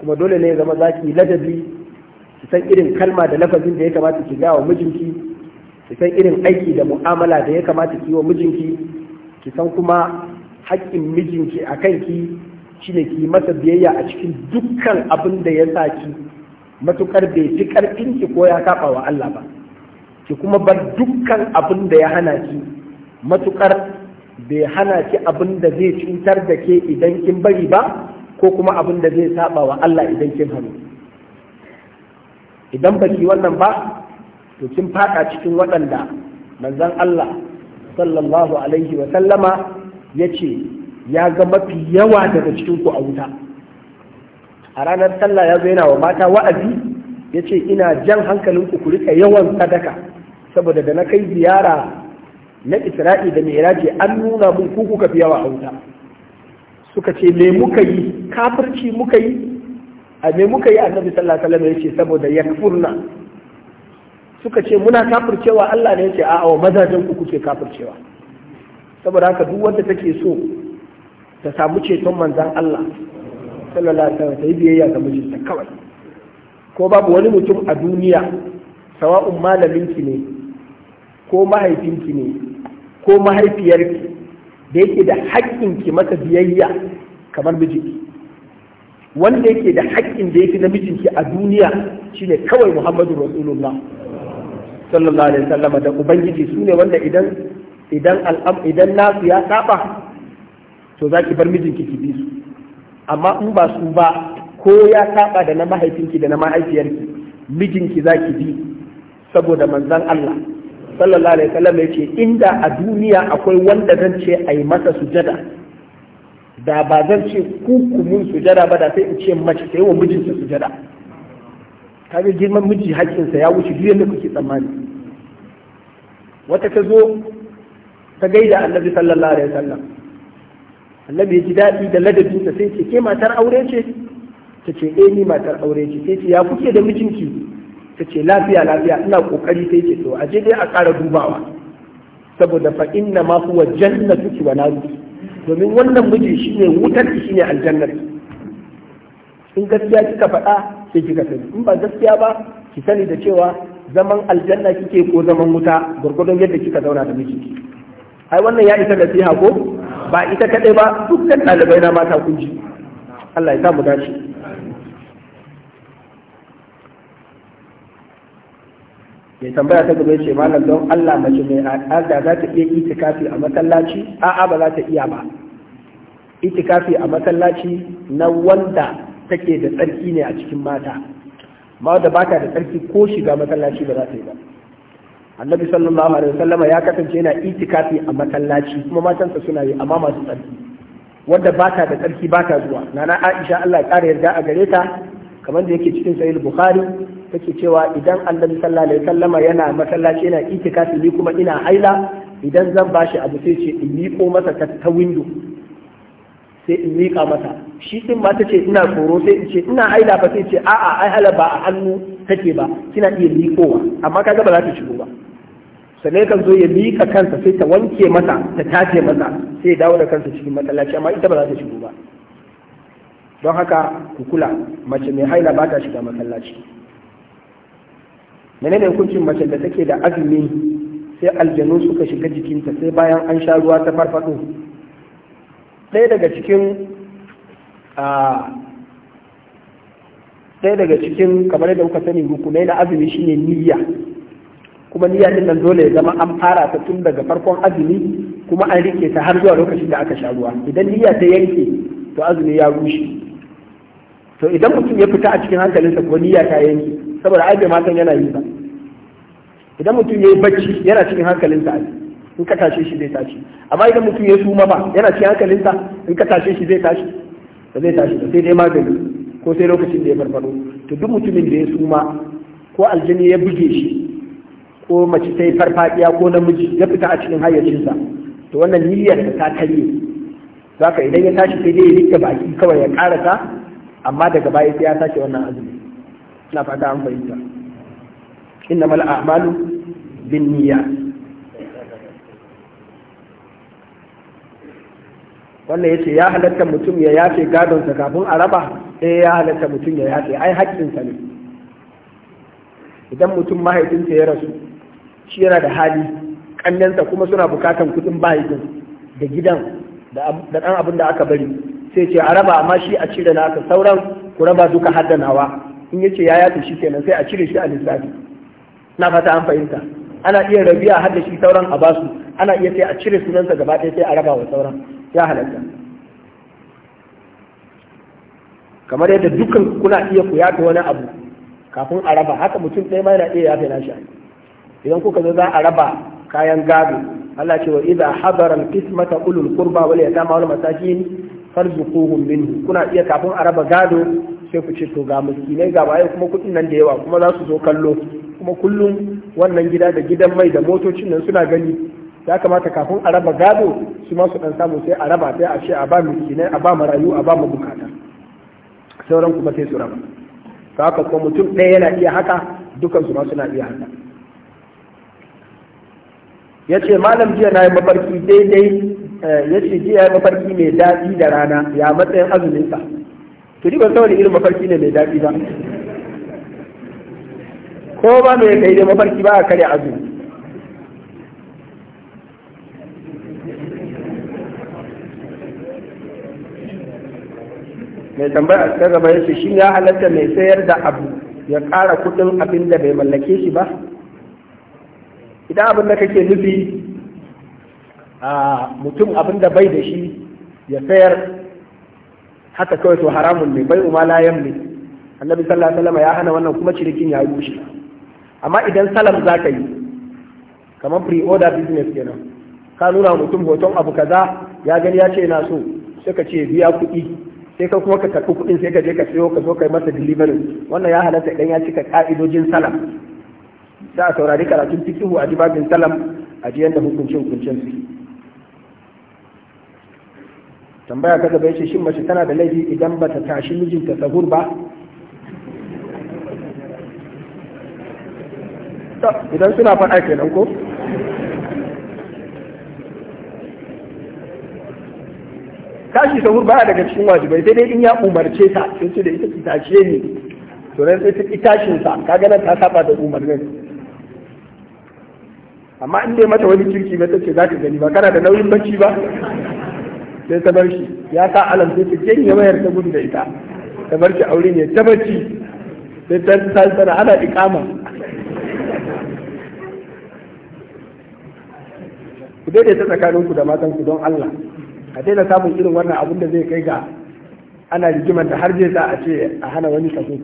kuma dole ne zama za ki ladabi ki san irin kalma da lafazin da ya kamata ki gawa mijinki ki san irin aiki da mu'amala da ya kamata ki wa mijinki ki san kuma haƙƙin mijinki a kanki shine ki masa biyayya a cikin dukkan abin da ya sa ki matukar bai fi karfin ki ko ya kaɓa wa Allah ba ki kuma bar dukkan abin da ya hana ki matukar bai hana ki abin da zai cutar da ke idan kin bari ba ko kuma abin da zai saba wa Allah idan kin hannu idan baki wannan ba to kin faɗa cikin waɗanda manzon Allah sallallahu alaihi wa sallama yace ya ga mafi yawa daga cikin ku a wuta a ranar sallah ya zo yana wa mata wa'azi yace ina jan hankalin ku ku rika yawan sadaka saboda da na kai ziyara na Isra'i da Mi'raji an nuna mun ku kuka fi yawa a wuta suka ce me muka yi kafirci muka yi a me muka yi annabi sallallahu alaihi wasallam yace saboda yakfurna suka ce muna kafircewa Allah ne yace a'a wa mazajen ku kuke kafircewa saboda haka duk wanda take so ta samu ceton manzan Allah sallallahu alaihi wasallam ta biyayya ga mijinta kawai ko babu wani mutum a duniya sawa'un malamin ki ne ko mahaifinki ne ko mahaifiyarki da yake da haƙƙin ki masa biyayya kamar mijinki wanda yake da haƙƙin da yake na mijinki a duniya shine kawai Muhammadu Rasulullah sallallahu alaihi wasallam da ubangiji sune wanda idan idan al'am idan nasu ya saba to zaki bar mijinki ki bi su amma in ba su ba ko ya saba da na mahaifinki da na mahaifiyarki mijinki zaki bi saboda manzon Allah sallallahu alaihi wasallam yace inda a duniya akwai wanda zan ce a yi masa sujada da ba zan ce ku kumun sujada ba da sai in ce mace sai wa mijinsa sujada kaga girman miji hakkinsa ya wuce duk yadda kuke tsammani wata ta zo ta gaida annabi sallallahu alaihi wasallam annabi ya ji daɗi da ladabinsa sai ce ke matar aure ce ta ce eh ni matar aure ce sai ce ya kuke da mijinki ta ce lafiya lafiya ina kokari sai yake to je dai a ƙara dubawa saboda fa inna ma huwa jannatuki wa naruki domin wannan miji shine wutar ki ne aljannar in gaskiya kika faɗa sai kika sani in ba gaskiya ba ki sani da cewa zaman aljanna kike ko zaman wuta gurgurdon yadda kika zauna da miji ai wannan ya isa nasiha ko ba ita kadai ba dukkan ɗalibai na mata kunji Allah ya sa dace mai tambaya ta gaba ce malam don Allah mace mai al'ada za ta iya itikafi a masallaci a'a ba za ta iya ba itikafi a masallaci na wanda take da tsarki ne a cikin mata ma da bata da tsarki ko shiga masallaci ba za ta yi ba annabi sallallahu alaihi wasallam ya kasance yana itikafi a masallaci kuma matansa suna yi amma masu tsarki wanda bata da tsarki bata zuwa nana Aisha Allah ya kare yarda a gare ta kamar da yake cikin sahih bukhari take cewa idan annabi sallallahu alaihi wasallama yana masallaci yana itikafi ni kuma ina haila idan zan bashi abu sai ce in miƙo masa ta ta windo sai in miƙa masa shi din ma tace ina tsoro sai in ce ina haila ba sai ce a'a ai hala ba a hannu take ba kina iya miƙowa amma kaga ba za ta shigo ba sannan kan zo ya miƙa kansa sai ta wanke masa ta tace masa sai ya dawo da kansa cikin masallaci amma ita ba za ta shigo ba don haka ku kula mace mai haila ba ta shiga masallaci menene hukuncin mace da take da azumi sai aljanu suka shiga jikinta sai bayan an sha ruwa ta farfado ɗaya daga cikin ɗaya daga cikin kamar yadda kuka sani rukunai na azumi shine niyya kuma niyya din nan dole ya zama an fara ta tun daga farkon azumi kuma an rike ta har zuwa lokacin da aka sha ruwa idan niyya ta yanke to azumi ya rushe to idan mutum ya fita a cikin hankalinsa ko niyya ta yanki saboda ai bai ma san yana yi ba idan mutum ya yi bacci yana cikin hankalinsa ai in ka tashe shi zai tashi amma idan mutum ya suma ba yana cikin hankalinsa in ka tashe shi zai tashi ba zai tashi ba sai dai magani ko sai lokacin da ya farfaro to duk mutumin da ya suma ko aljini ya buge shi ko mace ta yi farfadiya ko namiji ya fita a cikin hayyacinsa to wannan niyyar ta karye ka, idan ya tashi sai dai ya rike baki kawai ya karasa amma daga baya sai ya sake wannan azumi ina fata an fahimta mal a'malu niyya wannan yace ya halatta mutum ya yafe gadonsa kafin a raba eh ya halatta mutum ya yafe ai haƙƙinsa ne idan mutum mahaifinsa ya rasu shi yana da hali ƙannensa kuma suna bukatan kuɗin mahaifin da gidan da ɗan abin da aka bari sai ce a raba amma shi a cire naka sauran ku raba duka haddanawa in yace ya yato shi kenan sai a cire shi a lissafi na fata an fahimta ana iya rabiya hadda shi sauran a basu ana iya sai a cire sunansa gaba ɗaya sai a raba wa sauran ya halatta kamar yadda dukkan kuna iya ku yato wani abu kafin a raba haka mutum ɗaya ma yana iya yafe nashi idan kuka zo za a raba kayan gado Allah ce wa idza hadara al-qismata ulul qurba wal yatama wal masakin farzuquhum minhu kuna iya kafin a raba gado sai ku ce to ga miskinai ga baya kuma kuɗin nan da yawa kuma za su zo kallo kuma kullum wannan gida da gidan mai da motocin nan suna gani ya kamata kafin a raba gado su ma su dan samu sai a raba sai a ce a ba miskinai a ba marayu a ba mu bukata sauran kuma sai su raba to haka kuma mutum ɗaya yana iya haka dukan su ma suna iya haka ya ce malam jiya na yi mafarki daidai Eh, ya ce jiya mafarki mai daɗi da rana ya matsayin azuminsa to ni ban san wani irin mafarki ne mai daɗi ba ko ba mai kai da mafarki ba a karya azumi mai tambaya ta gaba ya shi ya halatta mai sayar da abu ya kara kudin abin da bai mallake shi ba idan abin da kake nufi a mutum abin da bai da shi ya sayar haka kawai to haramun ne bai umma layan ne. annabi sallallahu alaihi wasallam ya hana wannan kuma cirikin ya rushe amma idan salam za ka yi kamar pre order business kenan ka nuna mutum hoton abu kaza ya gani ya ce na so sai ka ce biya kuɗi sai ka kuma ka karɓi kuɗin sai ka je ka sayo ka zo ka yi masa delivery wannan ya halatta idan ya cika ka'idojin salam sai a saurari karatun fiqhu a dibabin salam a jiyan da hukuncin hukuncin tambaya ta gaba yace shin mace tana da laifi idan bata tashi mijinta sahur ba idan suna faɗa kenan ko tashi sahur baya daga cikin wajibai sai dai in ya umarce ta sai ce da ita ta tashe ne to nan sai ta ki tashin sa ga nan ta saba da umarnin amma in dai mata wani kirki ba ta ce za ka gani ba kana da nauyin bacci ba sai ta bar ya sa alam sai ta janye wayar ta gudu da ita ta bar shi aure ne ta bacci sai ta ta ana ikama ku daidaita tsakaninku da matan ku don Allah a daina samun irin wannan abin da zai kai ga ana rigimar da har zai za a ce a hana wani kaso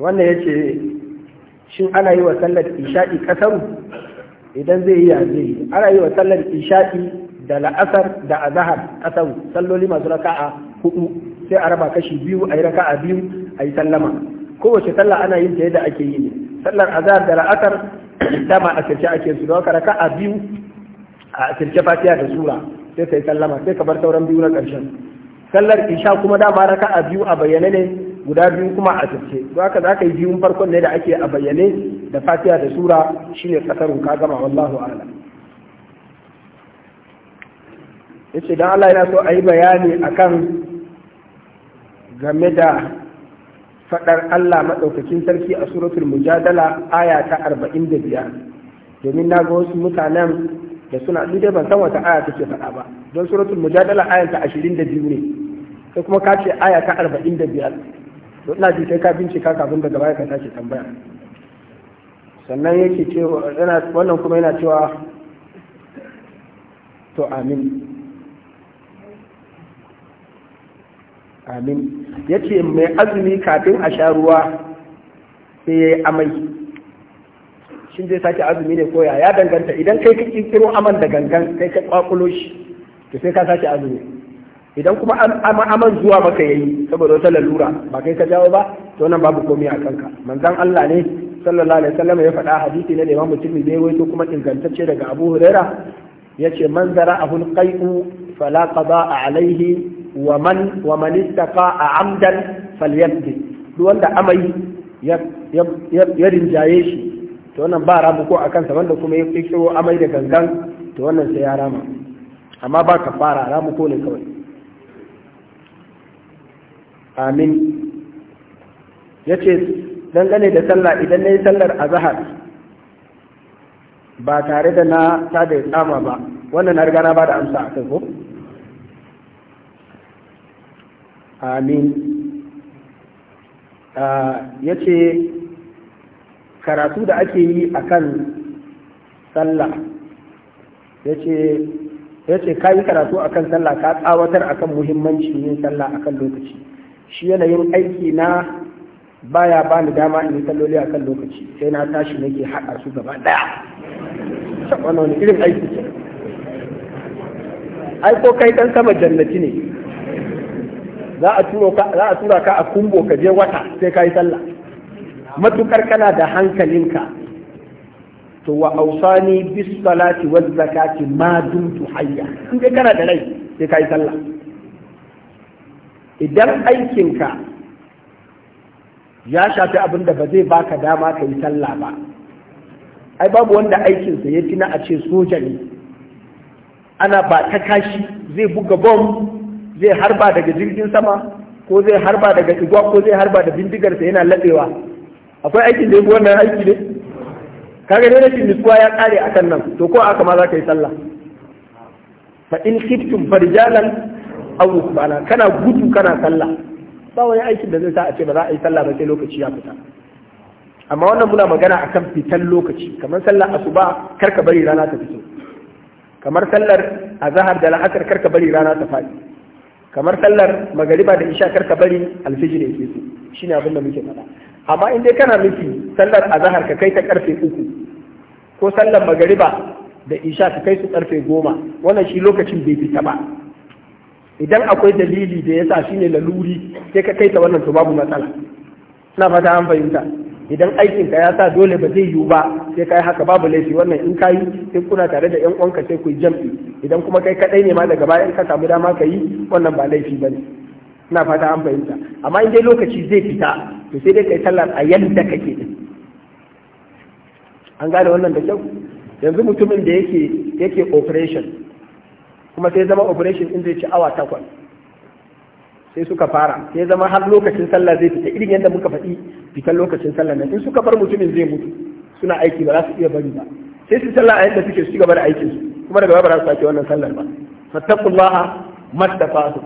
wannan yake shin ana yi wa sallar isha'i kasaru idan zai yi yanzu yi ana yi wa sallar isha'i da la'asar da azahar kasaru salloli masu raka'a hudu sai a raba kashi biyu a yi raka'a biyu a yi sallama kowace sallah ana yin ta yadda ake yi ne sallar azahar da la'asar (clears throat) dama a sirce ake su da waka raka'a biyu a sirce fatiha da sura sai ka yi sallama sai ka bar sauran biyu na ƙarshen sallar isha kuma dama raka'a biyu a bayyane ne guda biyu kuma a tace to haka za ka yi biyun farkon ne da ake a bayyane da fatiha da sura shine kasarun ka gama wallahu a'lam yace dan Allah yana so a yi bayani akan game da fadar Allah madaukakin sarki a suratul mujadala aya ta 45 domin na ga wasu mutanen da suna duk ban san wata aya take faɗa ba don suratul mujadala aya ta 22 ne sai kuma ka ce aya ta 45 ina ji sai ka bincika kafin daga baya ka tashi tambaya sannan yake cewa wannan kuma yana cewa to amin amin yace mai azumi kafin a sha ruwa sai ya yi amai shin zai sake azumi ne koya ya danganta idan kai ka kirkiro aman da gangan kai ka kwakulo shi to sai ka sake azumi idan kuma aman zuwa maka yayi saboda wata lalura ba kai ka jawo ba to nan babu komai a kanka manzon Allah ne sallallahu alaihi wasallam ya faɗa hadisi ne da Imam Muslim ne to kuma ingantacce daga Abu Huraira yace man zara ahul qai'u fala qada'a alaihi wa man wa man istaqa'a amdan falyabdi duk wanda amai ya ya rinjaye shi to wannan ba rabu ko a kansa wanda kuma ya kiro amai da gangan to wannan sai ya rama amma ba ka fara ramu ko ne kawai amin ya ce dangane da sallah idan na yi sallar azahar ba tare da na tada tsama ba wannan na riga na ba da amsa a kai ko amin ah, ya ce karatu da ake yi a kan sallah ya ce ka yi karatu a kan sallah ka tsawatar a kan muhimmancin yin sallah a kan lokaci shi yanayin aiki na baya ba ni dama in yi kalloli a kan lokaci sai na tashi nake haɗa su gaba ɗaya wannan wani irin aiki ce ai kai ɗan sama jannati ne za a tura ka a kumbo ka je wata sai ka yi sallah matukar kana da hankalinka to wa ausani bis salati waz zakati ma dumtu hayya in kana da rai sai ka yi sallah idan aikinka ya shafi abin da ba zai baka dama ka yi sallah ba ai babu wanda aikinsa ya tina a ce soja ne ana ba ta kashi zai buga bom zai harba daga jirgin sama ko zai harba daga igwa ko zai harba da bindigarsa yana laɗewa akwai aikin da ya wannan aiki ne kaga ne rashin nutsuwa ya kare akan nan to ko aka ma za ka yi sallah fa in khiftum farjalan aw rukbana kana gudu kana sallah ba wani aikin da zai sa a ce ba za a yi sallah ba sai lokaci ya fita amma wannan muna magana akan fitan lokaci kamar sallar asuba karka bari rana ta fito kamar sallar azahar da la'asar karka bari rana ta faɗi kamar sallar magariba da isha karka bari alfijir ya ke shine abin da muke faɗa amma in dai kana nufi sallar azahar ka kai ta karfe uku ko sallar magariba da isha ka kai su karfe goma wannan shi lokacin bai fita ba idan akwai dalili da yasa ne laluri sai ka kai ta wannan to babu matsala na fata an fahimta idan aikin ka ya sa dole ba zai yiwu ba sai kai haka babu laifi wannan in kayi sai kuna tare da yan uwanka sai ku yi jam'i idan kuma kai kadai ne ma daga baya ka samu dama ka yi wannan ba laifi bane ina fata an fahimta amma in dai lokaci zai fita to sai dai kai sallar a yadda kake din an gane wannan da kyau yanzu mutumin da yake yake operation kuma sai zama operation in zai ci awa takwas sai suka fara sai zama har lokacin sallah zai fita irin yadda muka faɗi fitan lokacin sallah nan in suka bar mutumin zai mutu suna aiki ba za su iya bari ba sai su sallah a yadda suke su gaba da aikin su kuma daga ba za su sake wannan sallar ba fattakullaha mastafatu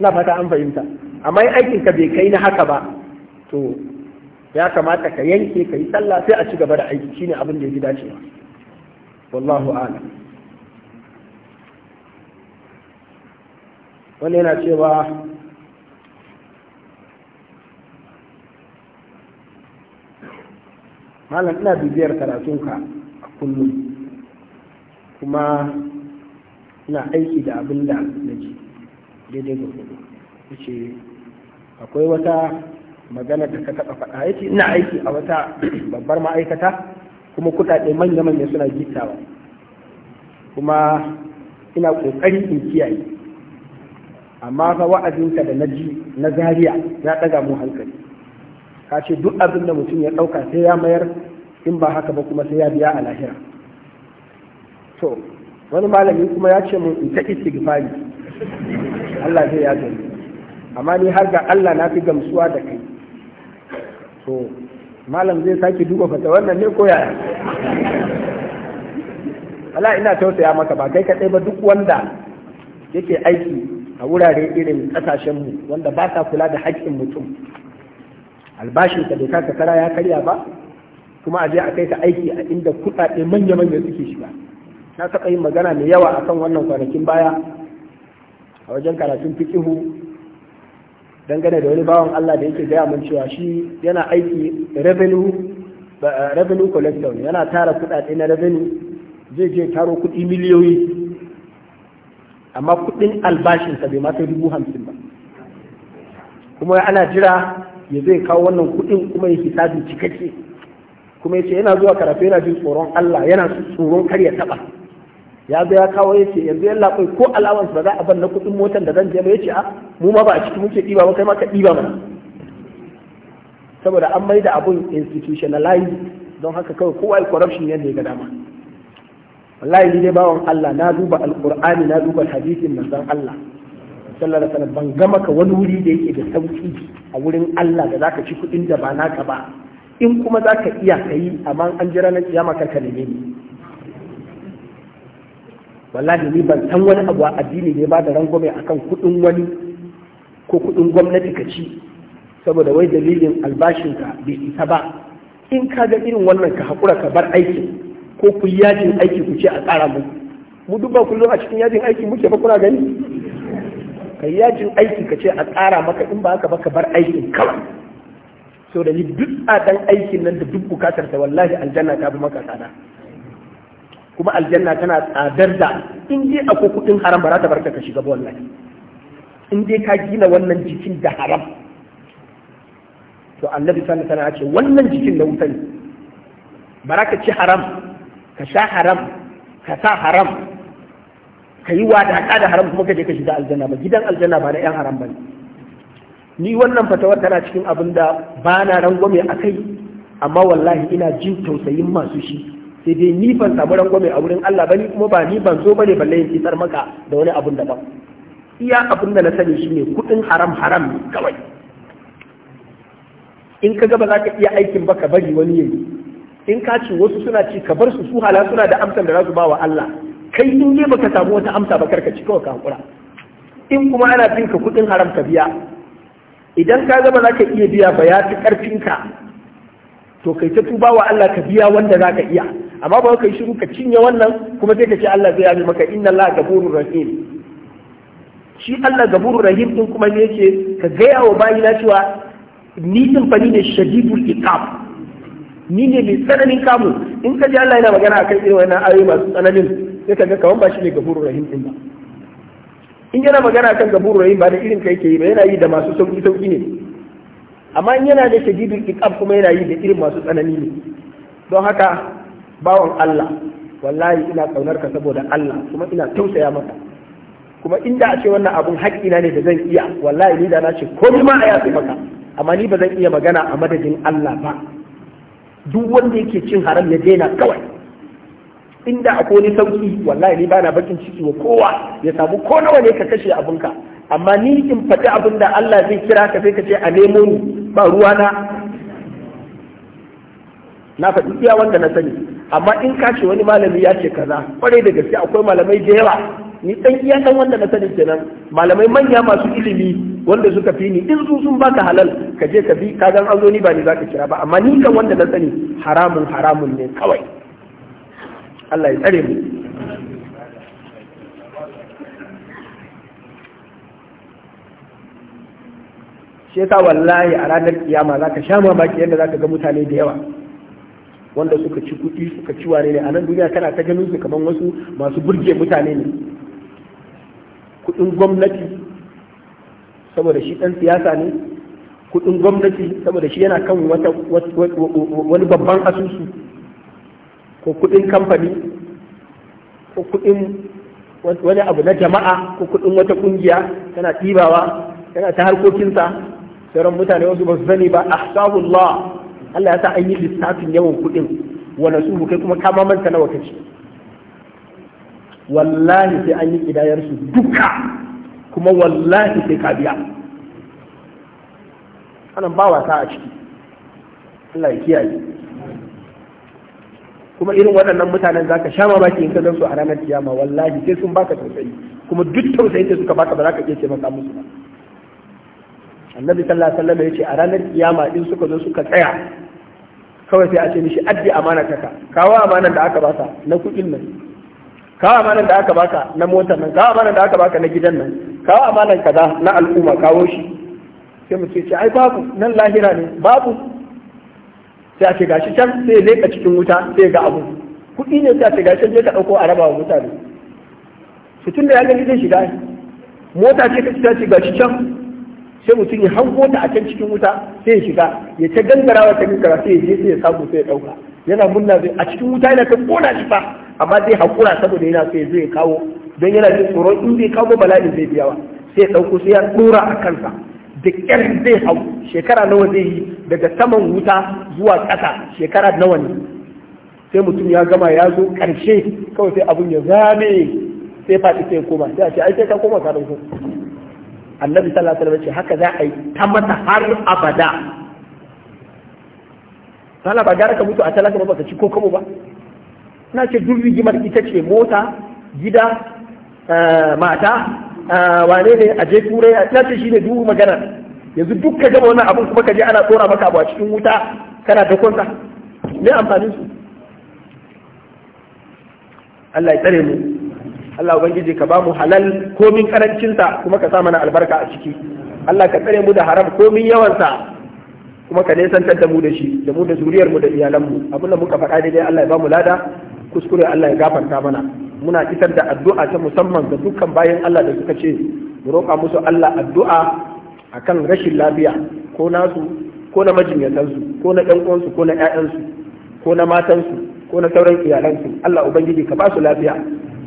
ina fata an fahimta amma in aikin ka bai kai na haka ba to ya kamata ka yanke ka yi sallah sai a ci gaba da aiki shine abin da ya ji dacewa wallahu a'lam wanda yana cewa malam ina bibiyar karatunka a kullum kuma ina aiki da abin da ji daidai ga kudu ce akwai wata magana da ka taɓa faɗa ya ina aiki a wata babbar ma'aikata kuma kuɗaɗe manya-manya suna gitawa kuma ina ƙoƙari in kiyaye amma fa wa'azinka da na ji na zariya ya ɗaga mu hankali ka ce duk abin da mutum ya ɗauka sai ya mayar in ba haka ba kuma sai ya biya a lahira to wani malami kuma ya ce mun in ta istighfari Allah zai ya gani amma ni har ga Allah na fi gamsuwa da kai to malam zai sake duba fata wannan ne ko yaya Allah ina tausaya maka ba kai kaɗai ba duk wanda yake aiki a wurare irin ƙasashenmu wanda ba sa kula da haƙƙin mutum albashin ka doka ka kara ya karya ba kuma a je a kai ka aiki a inda kuɗaɗe manya-manya suke shiga na taɓa yin magana mai yawa akan wannan kwanakin baya a wajen karatun fikihu dangane da wani bawan Allah da yake gaya mun cewa shi yana aiki revenue revenue collector yana tara kuɗaɗe na revenue zai je taro kuɗi miliyoyi amma kudin albashinsa bai mata dubu hamsin ba kuma ana jira ya zai kawo wannan kudin kuma ya hisabi cikakke kuma yace yana zuwa karafe yana jin tsoron Allah yana tsoron kar ya taba ya zo ya kawo yace yanzu yalla kai ko allowance ba za a bar na kudin motar da zan je ba yace a ah, mu ma ba a ciki muke diba ba kai ma ka diba mana saboda an maida abun institutionalized don haka kawai kowa corruption yadda ya ga dama wallahi ni dai bawan Allah na duba alqur'ani na duba hadisin manzon Allah sallallahu alaihi wasallam ban gama ka wani wuri da yake da sauki a wurin Allah da zaka ci kuɗin da ba naka ba in kuma zaka iya kai amma an jira na kiyama kar ka neme ni wallahi ni ban san wani abu a addini ne ba da rangwame akan kuɗin wani ko kuɗin gwamnati ka ci saboda wai dalilin albashinka bai isa ba in ka ga irin wannan ka haƙura ka bar aikin ko ku yajin aiki ku ce a tsara mu mu duba kullum a cikin yajin aiki muke ba kuna gani ka yajin aiki ka ce a tsara maka in ba haka ba ka bar aikin kawai so da ni duk tsadan aikin nan da duk bukatar ta wallahi aljanna ta bi maka tsada kuma aljanna tana tsadar da in dai akwai kuɗin haram ba za ta barka ka shiga ba wallahi in dai ka gina wannan jikin da haram to annabi sallallahu alaihi wasallam ya ce wannan jikin da wuta ne ba za ka ci haram ka sha haram ka sa haram ka yi wadaka da haram kuma kaje ka shiga aljanna ba gidan aljanna ba na yan haram ba ni wannan fatawar tana cikin abin da ba na rangwame a kai amma wallahi ina jin tausayin masu shi sai dai ni ban samu rangwame a wurin Allah bane kuma ba ni ban zo bane balle yin fitar maka da wani abun daban iya abun da na sani shine kudin haram haram kawai in ka ga ba za ka iya aikin ba ka bari wani yayi in ka ci wasu suna ci ka bar su su hala suna da amsar da za su ba wa Allah kai in ne baka samu wata amsa ba karka ci kawai ka hakura in kuma ana bin ka kudin haram ka biya idan ka zama zaka iya biya ba ya fi karfinka to kai ta tuba wa Allah ka biya wanda zaka iya amma ba ka yi shiru ka cinye wannan kuma sai ka ce Allah zai yafi maka inna Allah gafurur rahim shi Allah gafurur rahim din kuma ne yake ka gaya wa bayina cewa ni din fa ne shadidul iqab ni ne mai tsananin kamu in ka ji Allah yana magana akan irin wannan ayoyi masu tsananin sai ka ga kawan ba shi ne gaburu rahim din ba in yana magana akan gaburu rahim ba da irin ka yake yi ba yana yi da masu sauki sauki ne amma in yana da shadidul iqab kuma yana yi da irin masu tsanani ne don haka bawan Allah wallahi ina kaunar ka saboda Allah kuma ina tausaya maka kuma inda a ce wannan abun haƙƙina ne da zan iya wallahi ni da na ce komai ma a yafi maka amma ni ba zan iya magana a madadin Allah ba duk wanda yake cin haram ya daina kawai inda akwai wani sauki wallahi ni bana bakin ciki wa kowa ya samu ko nawa ne ka kashe abinka amma ni in faɗi abin da Allah zai kira ka sai ka ce a nemo ni ba ruwa na na faɗi iya wanda na sani amma in kashe wani malami ya ce kaza kwarai da gaske akwai malamai da yawa ni dan iya dan wanda na sani kenan malamai manya masu ilimi wanda suka fi ni in su sun baka halal ka je ka bi ka gan an zo ni ba ni zaka kira ba amma ni kan wanda na sani haramun haramun ne kawai Allah ya tsare mu shi yasa wallahi a ranar kiyama zaka sha mamaki yadda zaka ga mutane da yawa wanda suka ci kuɗi suka ci ware ne a nan duniya kana ta ganin su kamar wasu masu burge mutane ne kudin gwamnati saboda shi ɗan siyasa ne kudin gwamnati saboda shi yana kan wani babban asusu ko kudin kamfani ko kudin wani abu na jama'a ko kudin wata kungiya tana ɗibawa tana ta harkokinsa sauran mutane wasu ba su sani ba ahsahullah Allah ya sa an yi lissafin yawan kudin wa nasuhu kai kuma ka na nawa kace wallahi sai an yi kidayar su duka kuma wallahi sai ka biya anan ba wasa a ciki Allah ya kiyaye kuma irin waɗannan mutanen za ka sha mamaki in ka gan su a ranar kiyama wallahi sai sun baka tausayi kuma duk tausayi sai suka baka ba za ka iya ce maka musu ba annabi sallallahu alaihi wasallam ce a ranar kiyama in suka zo suka tsaya kawai sai a ce mishi addi amana ka kawo amanan da aka basa na kuɗin nan kawo amanan da aka baka na motar nan kawo amanan da aka baka na gidan nan kawo amanan kaza na al'umma kawo shi sai mu ce ai babu nan lahira ne babu sai a ce gashi can sai leka cikin wuta sai ga abu kuɗi ne sai a ce gashi je ka ɗauko a raba wa mutane su tun da ya gani zai shiga mota ce ka ce gashi can sai mutum ya hango ta a can cikin wuta sai ya shiga ya ta gangarawa ta gangara sai ya je sai ya samu sai ya ɗauka yana munna a cikin wuta yana ta kona shi fa amma zai haƙura saboda yana so ya zo ya kawo don yana jin tsoron in zai kawo bala'in zai biya wa sai ya ɗauko sai ya ɗora a kansa da ƙyar zai hau shekara nawa zai yi daga saman wuta zuwa ƙasa shekara nawa ne sai mutum ya gama ya zo ƙarshe kawai sai abun ya zame sai fati sai koma sai a ce ai sai ka koma ka ɗauko annabi sallallahu alaihi wasallam ce haka za a yi ta mata har abada sallah ba gara ka mutu a talaka ba ka ci ko kamo ba na ce duk rigimar ita ce mota gida eh, mata eh, wane ne a je turai na ce shi ne duk maganar yanzu duk ka gama wannan abin kuma kaje ana tsora maka abu a cikin wuta kana da kwanta me amfanin su Allah ya tsare mu Allah ubangiji ka ba mu halal komin karancinsa kuma ka sa mana albarka a ciki Allah ka tsare mu da haram komin yawansa kuma ka nesantar da mu da shi da mu da zuriyar mu da iyalan mu abin da muka faɗa daidai Allah ya ba mu lada kuskure Allah ya gafarta mana muna isar da addu'a ta musamman ga dukkan bayan Allah da suka ce mu roƙa musu Allah addu'a akan rashin lafiya ko nasu ko na majinyatansu ko na ɗan uwansu ko na ƴaƴansu ko na matansu ko na sauran iyalansu Allah ubangiji ka ba su lafiya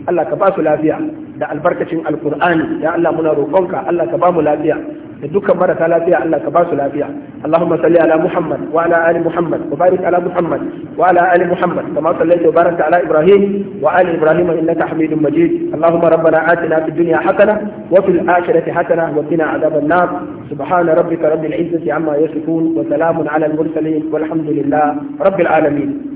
Allah ka ba su lafiya da albarkacin alkur'ani ya Allah muna roƙonka Allah ka bamu lafiya da dukkan marasa lafiya Allah ka ba su lafiya Allahumma salli ala Muhammad wa ala ali Muhammad wa barik ala Muhammad wa ala ali Muhammad kama sallaita wa barakta ala Ibrahim wa ali Ibrahim innaka Hamidum Majid Allahumma rabbana atina fid dunya hasana wa fil akhirati hasana wa qina adhaban nar subhana rabbika rabbil izzati amma yasifun wa salamun ala al mursalin walhamdulillah rabbil alamin